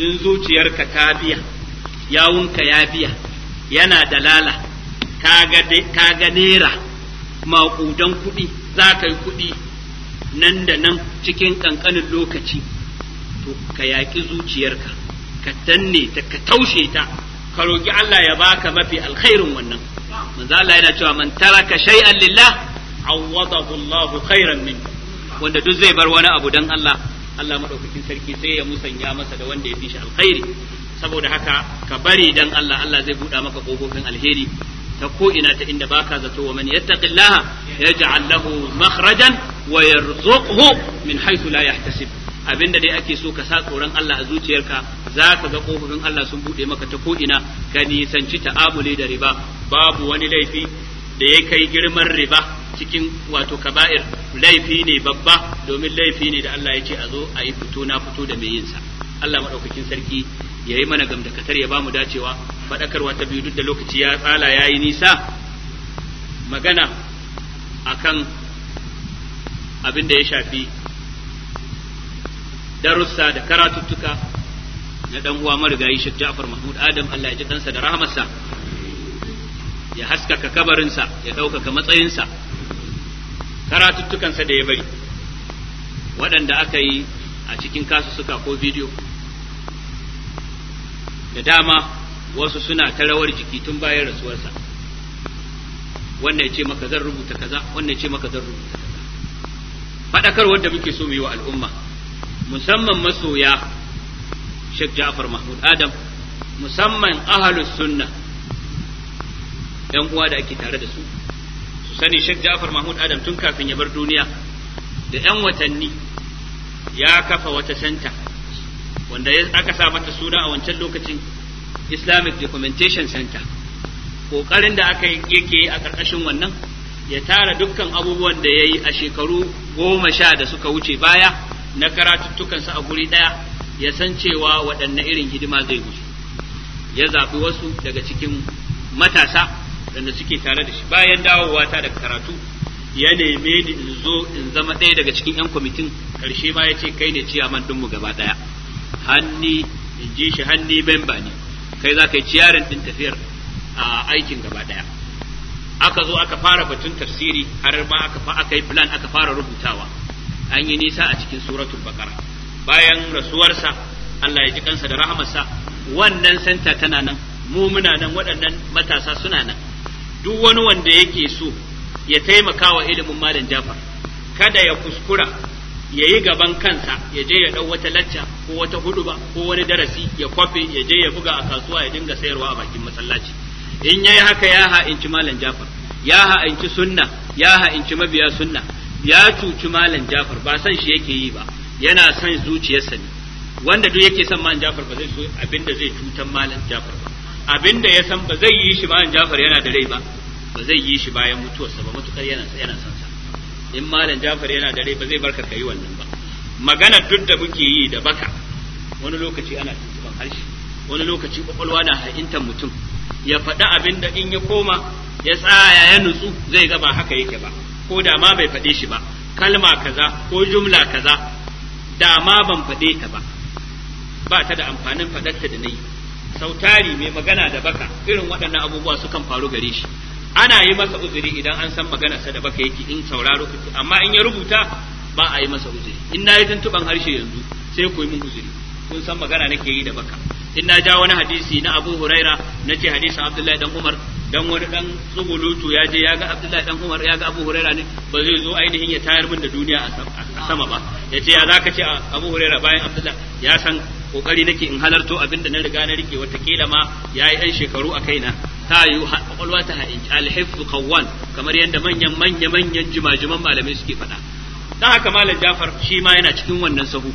in zuciyarka ta biya yawunka ya biya yana dalala ka ga nera maƙudan kuɗi za ka yi kuɗi nan da nan cikin ƙanƙanin lokaci to ka yaƙi zuciyarka ka danne ta ka taushe ta ka roƙi Allah ya baka mafi alkhairin wannan manzo Allah yana cewa man taraka shay'an lillah awwadahu Allahu khairan min wanda duk zai bar wani abu dan Allah Allah madaukakin sarki sai ya musanya masa da wanda ya fi shi alkhairi saboda haka ka bari dan Allah Allah zai buɗa maka kofofin alheri ta ko ina ta inda baka zato wa man yattaqillaha yaj'al lahu makhrajan wa yarzuqhu min haythu la yahtasib abinda dai ake so ka sa tsoron Allah a zuciyarka za ka ga kofofin Allah sun buɗe maka ta ko'ina ka nisanci ta'amuli da riba babu wani laifi da ya kai girman riba cikin wato kaba'ir laifi ne babba domin laifi ne da Allah ya ce a zo a yi fito na fito da mai yinsa Allah madaukakin sarki ya yi mana gamdakatar ya ba mu dacewa faɗakarwa ta biyu duk da lokaci ya tsala ya yi nisa magana akan abin da ya shafi darussa da karatuttuka na dan uwa marigayi Sheikh Ja'far Mahmud Adam Allah ya ji da rahamarsa ya haskaka kabarinsa ya ɗaukaka matsayinsa karatuttukansa da ya bari waɗanda aka yi a cikin suka ko bidiyo da dama wasu suna ta rawar jiki tun bayan rasuwarsa wannan ce maka zan rubuta kaza wannan ce maka zan rubuta kaza Faɗakar wanda muke so mu yi wa al'umma musamman masoya Sheikh Ja'far Mahmud Adam musamman ahlus sunna yan uwa da ake tare da su su sani Sheikh Ja'far Mahmud Adam tun kafin ya bar duniya da yan watanni ya kafa wata santa wanda aka sa mata suna a wancan lokacin Islamic Documentation Center ƙoƙarin da aka yake a ƙarƙashin wannan ya tara dukkan abubuwan da ya yi a shekaru goma sha da suka wuce baya na karatuttukansa a guri ɗaya ya san cewa waɗanne irin hidima zai wuce. ya zaɓi wasu daga cikin matasa waɗanda suke tare da shi bayan dawowa ta daga karatu ya neme ni in zo in zama ɗaya daga cikin 'yan kwamitin ƙarshe ma ya ce kai ne ciyaman mu gaba ɗaya hanni in ji shi hanni memba ne kai za ka yi ciyarin din tafiyar a aikin gaba daya aka zo aka fara batun tafsiri har ma aka fa aka yi plan aka fara rubutawa an yi nisa a cikin suratul baqara bayan rasuwarsa Allah ya ji kansa da rahamarsa wannan santa tana nan mu muna nan waɗannan matasa suna nan duk wani wanda yake so ya taimaka wa ilimin malam Jafar kada ya kuskura ya yi gaban kansa ya je ya ɗau wata lacca ko wata huduba ko wani darasi ya kwafe ya je ya buga a kasuwa ya dinga sayarwa a bakin masallaci in ya yi haka ya ha'inci malam jafar ya ha'inci sunna ya ha'inci mabiya sunna ya cuci malam jafar ba san shi yake yi ba yana son zuciyarsa ne wanda duk yake son malam jafar ba zai so abin da zai cutan malam jafar ba abin da ya san ba zai yi shi malam jafar yana da rai ba ba zai yi shi bayan mutuwarsa ba matukar yana yana son in malam Jafar yana da rai ba zai barka kai wannan ba magana duk da kuke yi da baka wani lokaci ana tuntuban harshe wani lokaci kwakwalwa na ha'intar mutum ya faɗi abin da in ya koma ya tsaya ya nutsu zai ga haka yake ba ko da ma bai faɗe shi ba kalma kaza ko jumla kaza da ma ban faɗe ta ba ba ta da amfanin faɗarta da nayi sautari mai magana da baka irin waɗannan abubuwa sukan faru gare shi ana yi masa uzuri idan an san magana sa da baka yake in sauraro kake amma in ya rubuta ba a yi masa uzuri in na yi tuntuban harshe yanzu sai ku yi min uzuri kun san magana nake yi da baka in na ja wani hadisi na Abu Huraira na ce hadisin Abdullahi dan Umar dan wani dan tsugulutu ya je ya ga Abdullahi dan Umar ya ga Abu Huraira ne ba zai zo ainihin ya tayar min da duniya a sama ba ya ce ya zaka ce Abu Huraira bayan Abdullahi ya san kokari nake in halarto abinda na riga na rike wata kila ma yayi ɗan shekaru a kaina ta yi kwakwalwa ta haɗin alhifu kawwan kamar yadda manyan manya manyan jimajiman malamai suke faɗa ta haka malam jafar shi ma yana cikin wannan sahu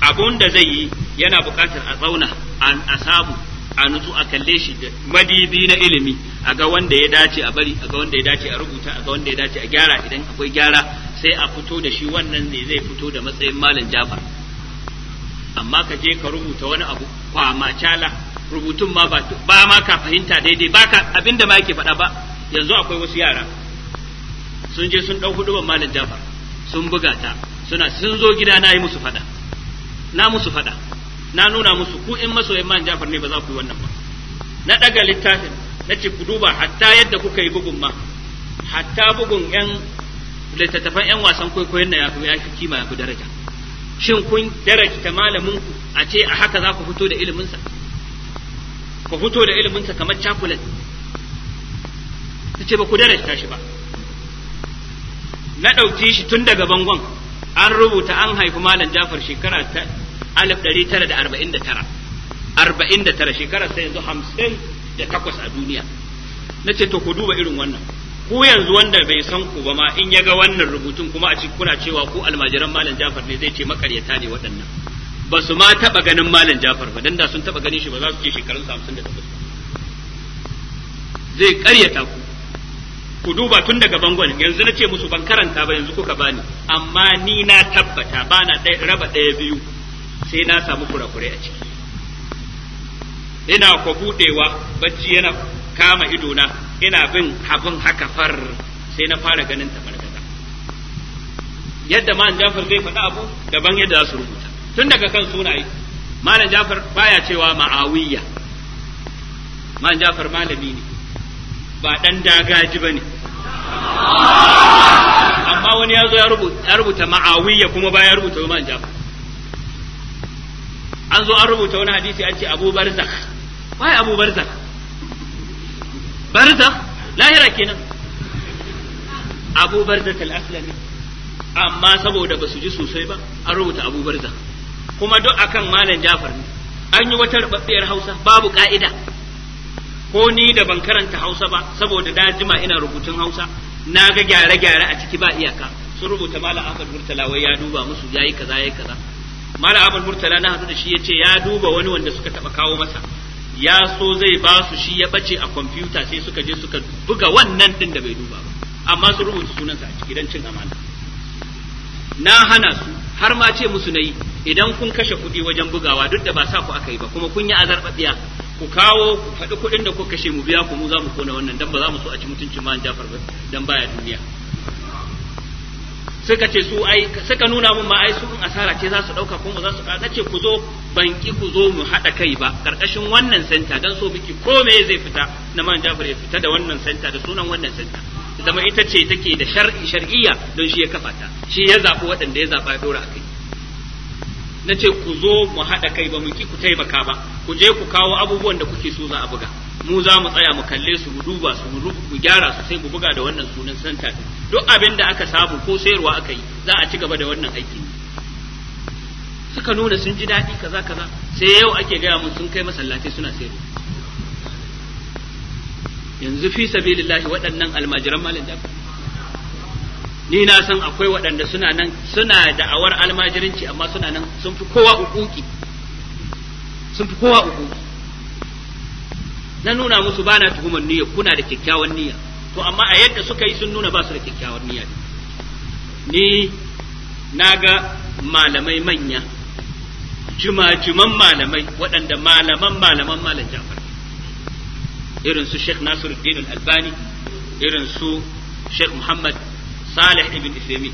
abun da zai yi yana buƙatar a zauna a samu a nutsu a kalle shi da madibi na ilimi a ga wanda ya dace a bari a ga wanda ya dace a rubuta a ga wanda ya dace a gyara idan akwai gyara sai a fito da shi wannan ne zai fito da matsayin malam jafar amma ka je ka rubuta wani abu kwamacala rubutun ma ba ba ma ka fahimta daidai ba ka abinda ma yake faɗa ba yanzu akwai wasu yara sun je sun ɗau huduban malin Jafar sun buga ta suna sun zo gida na yi musu faɗa na musu faɗa na nuna musu ku in masoyin malin Jafar ne ba za ku yi wannan ba na ɗaga littafin na ce ku duba hatta yadda kuka yi bugun ma hatta bugun yan littattafan yan wasan kwaikwayon na ya fi kima ya fi daraja shin kun daraja ta malamin ku a ce a haka za ku fito da iliminsa ku fito da iliminsa kamar cakulet su ce ba ku darasta shi ba na ɗauki shi tun daga bangon an rubuta an haifi malam jafar shekara ta alif ɗari tara da arba'in da tara arba'in da tara shekara sai yanzu hamsin da takwas a duniya na ce to ku duba irin wannan ku yanzu wanda bai san ku ba ma in ya ga wannan rubutun kuma a cikin kuna cewa ku almajiran malam jafar ne zai ce makaryata ne waɗannan ba su ma taba ganin malam Jafar ba dan da sun taba ganin shi ba za su ce shekarun da 58 zai ƙaryata ku ku duba tun daga bangon yanzu na ce musu ban karanta ba yanzu kuka bani amma ni na tabbata ba na raba ɗaya biyu sai na samu kurakurai a ciki ina ku budewa bacci yana kama idona ina bin abin haka far sai na fara ganin tabargaza yadda man Jafar zai faɗa abu daban yadda za su rubuta tun daga kan sunaye malam jafar baya cewa ma'awiya malam jafar malami ne ba dan dagaji bane amma wani ya zo ya rubuta ma'awiya kuma baya rubuta malam jafar an zo an rubuta wani hadisi an ce abu barzak wai abu barzak barzak lahira kenan abu barzak al-aslami amma saboda ba su ji sosai ba an rubuta abu barzak kuma duk akan malam Jafar ne an yi wata rubabbiyar Hausa babu ka'ida ko ni da ban karanta Hausa ba saboda da jima ina rubutun Hausa na ga gyare-gyare a ciki ba iyaka sun rubuta malam Ahmad Murtala wai ya duba musu yayi kaza yayi kaza malam Ahmad Murtala na hadu da shi yace ya duba wani wanda suka taba kawo masa ya so zai ba su shi ya bace a kwamfuta sai suka je suka buga wannan din da bai duba ba amma sun rubuta sunansa a cikin cin amana na hana su har ma ce musu nayi idan kun kashe kuɗi wajen bugawa duk da ba sa ku aka yi ba kuma kun yi ɓaɓɓiya ku kawo ku faɗi kuɗin da ku kashe mu biya ku mu za mu kona wannan dan ba za mu so a ci mutuncin ma Jafar ba dan baya duniya suka ce su ai suka nuna mun ma ai su in asara ce za su ɗauka kuma za su ka ce ku zo banki ku zo mu haɗa kai ba karkashin wannan senta dan so biki ko me zai fita na man Jafar ya fita da wannan senta da sunan wannan senta zama ita ce take da shar'i shar'iyya don shi ya kafa ta shi ya zaɓi waɗanda ya zaɓa ya ɗora a kai na ce ku zo mu haɗa kai ba mu ki ku taimaka ba ku je ku kawo abubuwan da kuke so za a buga mu za mu tsaya mu kalle su mu duba su mu gyara su sai mu buga da wannan sunan santa duk abin da aka samu ko sayarwa aka yi za a ci gaba da wannan aiki suka nuna sun ji daɗi kaza kaza sai yau ake gaya mun sun kai masallatai suna sayarwa yanzu fi sabilillahi waɗannan almajiran malam jafi ni na san akwai waɗanda suna nan suna da awar almajiranci amma suna nan sun fi kowa ukuki sun fi kowa ukuki na nuna musu ba na tuhumar niyya kuna da kyakkyawan niyya to amma a yadda suka yi sun nuna ba su da kyakkyawan niyya ni na ga malamai manya juma malamai waɗanda malaman malaman malam jafar irin su sheikh nasiruddin albani irin su sheikh muhammad salih ibn usaimi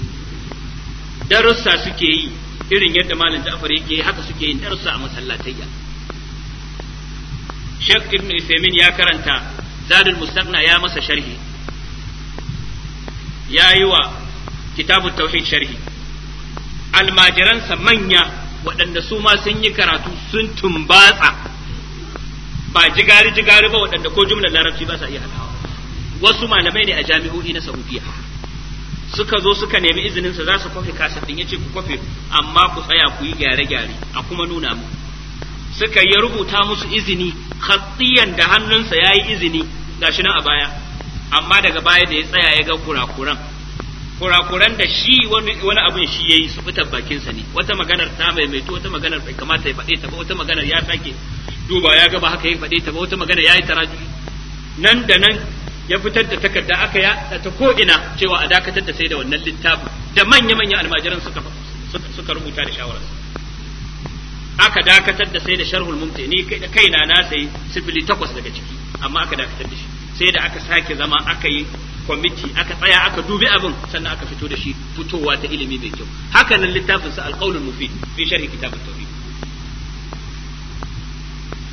darussa suke yi irin yadda malam ja'far yake haka suke yin darussa a masallatayya Sheikh Ibn Uthaymeen ya karanta Zadul Mustaqna ya masa sharhi ya yi wa Kitabut tauhid sharhi almajiransa manya waɗanda su ma sun yi karatu sun tumbatsa ba jigari jigari ba waɗanda ko jumlar larabci ba sa iya halawa wasu malamai ne a jami'o'i na Saudiya suka zo suka nemi izinin sa za su kofe kasafin ya ce ku kofe amma ku tsaya ku yi gyare gyare a kuma nuna mu suka ya rubuta musu izini hatsiyan da hannunsa yayi izini gashi nan a baya amma daga baya da ya tsaya ya ga kurakuran kurakuran da shi wani abin shi yayi su fitar bakinsa ne wata maganar ta maimaito wata maganar bai kamata ya faɗe ta ba wata maganar ya sake duba ya ga haka ya faɗe ta ba wata maganar ya yi taraji nan da nan ya fitar da takarda aka yaɗa ta ko ina cewa a dakatar da sai da wannan littafin da manya manya almajiran suka suka rubuta da shawara. aka dakatar da sai da sharhul mumti ni kaina na sai sibili takwas daga ciki amma aka dakatar da shi sai da aka sake zama aka yi kwamiti aka tsaya aka dubi abin sannan aka fito da shi fitowa ta ilimi mai kyau haka nan littafin sa alqaulul mufid fi sharhi kitabut tauhid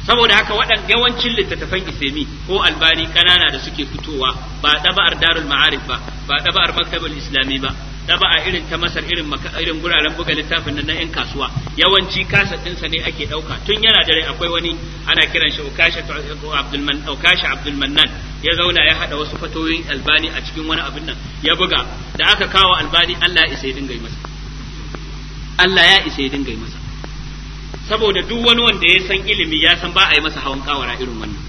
saboda haka waɗan yawancin littattafan isemi ko albani kanana da suke fitowa ba ɗaba'ar darul ma'arif ba ba ɗaba'ar maktabul islami ba ɗaba'a irin ta masar irin irin guraren buga littafin nan na yan kasuwa yawanci kasa ɗinsa ne ake ɗauka tun yana dare akwai wani ana kiran shi ukasha abdulmannan ya zauna ya haɗa wasu fatoyin albani a cikin wani abin nan ya buga da aka kawo albani Allah ya isa ya dinga yi masa Allah ya isa ya dinga yi masa saboda duk wani wanda ya san ilimi ya san ba a yi masa hawan kawara irin wannan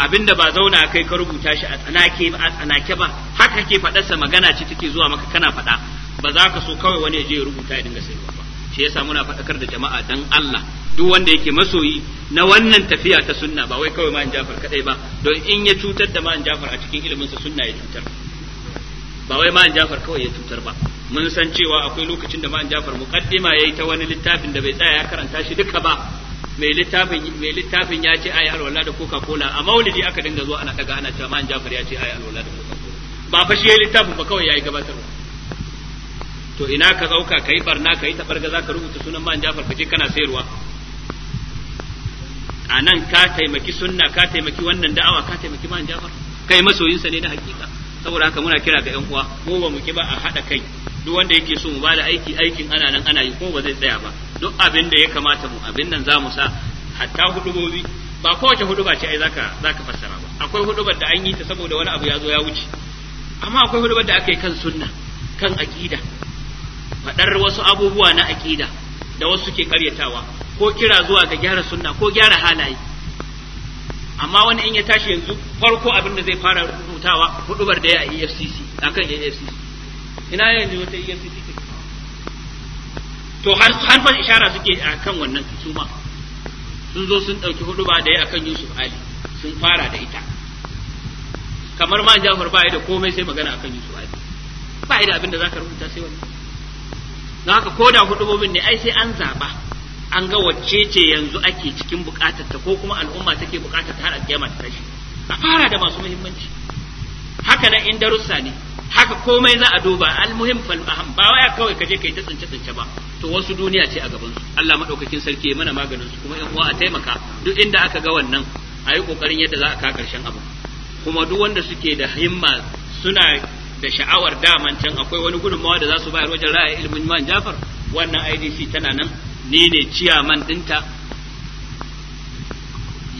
abinda ba zauna kai ka rubuta shi a tsanake ba a tsanake ba haka ke faɗarsa magana ce take zuwa maka kana faɗa ba za ka so kawai wani ya je ya rubuta ya dinga sayarwa ba shi yasa muna faɗakar da jama'a dan Allah duk wanda yake masoyi na wannan tafiya ta sunna ba wai kawai man Jafar kadai ba don in ya cutar da man Jafar a cikin ilimin sa sunna ya cutar ba wai man Jafar kawai ya cutar ba mun san cewa akwai lokacin da ma'an jafar muqaddima yayi ta wani littafin da bai tsaya ya karanta shi duka ba mai littafin mai littafin ya ce ayi alwala da coca cola a maulidi aka dinga zuwa ana daga ana cewa ma'an jafar ya ce ayi alwala da coca cola ba fa shi yayi littafin ba kawai yayi gabatarwa to ina ka zauka kai barna kai barga zaka rubuta sunan ma'an jafar kaje kana sayarwa a nan ka taimaki sunna ka taimaki wannan da'awa ka taimaki ma'an jafar kai masoyinsa ne na hakika saboda haka muna kira ga yan uwa mu ba mu ki ba a haɗa kai duk wanda yake so mu da aiki aikin ana nan ana yi kuma ba zai tsaya ba duk abin da ya kamata mu abin nan za mu sa hatta hudubobi ba kowace huduba ce ai zaka zaka fassara ba akwai hudubar da an yi ta saboda wani abu ya zo ya wuce amma akwai hudubar da aka yi kan sunna kan aqida faɗar wasu abubuwa na aqida da wasu ke karyatawa ko kira zuwa ga gyara sunna ko gyara halaye amma wani in ya tashi yanzu farko abin da zai fara rubutawa hudubar da ya a EFCC akan EFCC ina yanzu wata EFCC take to har fa ishara suke a kan wannan su ma sun zo sun ɗauki hudu ba da ya akan Yusuf Ali sun fara da ita kamar ma Jafar ba da komai sai magana akan Yusuf Ali ba da abin da zaka rubuta sai wani don haka ko da hudubobin ne ai sai an zaba an ga wacce ce yanzu ake cikin bukatar ta ko kuma al'umma take bukatar ta har alƙiyama ta tashi a fara da masu muhimmanci haka nan in darussa ne haka komai za a duba almuhim fal aham ba waya kawai kaje kai ta tsince tsince ba to wasu duniya ce a gaban su Allah madaukakin sarki ya mana maganin su kuma in uwa a taimaka duk inda aka ga wannan ayi kokarin yadda za a ka karshen abu kuma duk wanda suke da himma suna da sha'awar daman can akwai wani gudunmawa da za su bayar wajen ra'ayi ilmin man Jafar wannan IDC tana nan ni ne ciyaman dinta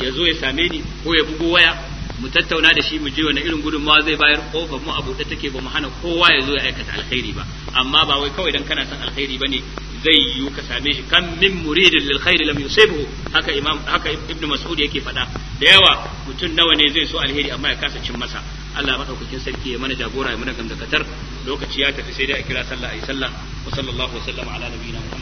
ya zo ya same ni ko ya bugo waya mu tattauna da shi mu je wani irin gudunmawa zai bayar kofar mu a buɗe take ba mu hana kowa ya zo ya aikata alkhairi ba amma ba wai kawai dan kana son alkhairi bane zai yiwu ka same shi kan min muridin lil khairi lam yusibhu haka imam haka ibnu mas'ud yake faɗa da yawa mutum nawa ne zai so alheri amma ya kasa cin masa Allah madaukakin sarki ya mana jagora ya mana gamzakatar lokaci ya tafi sai dai a kira sallah ayi sallah wa sallallahu wa sallama ala nabiyina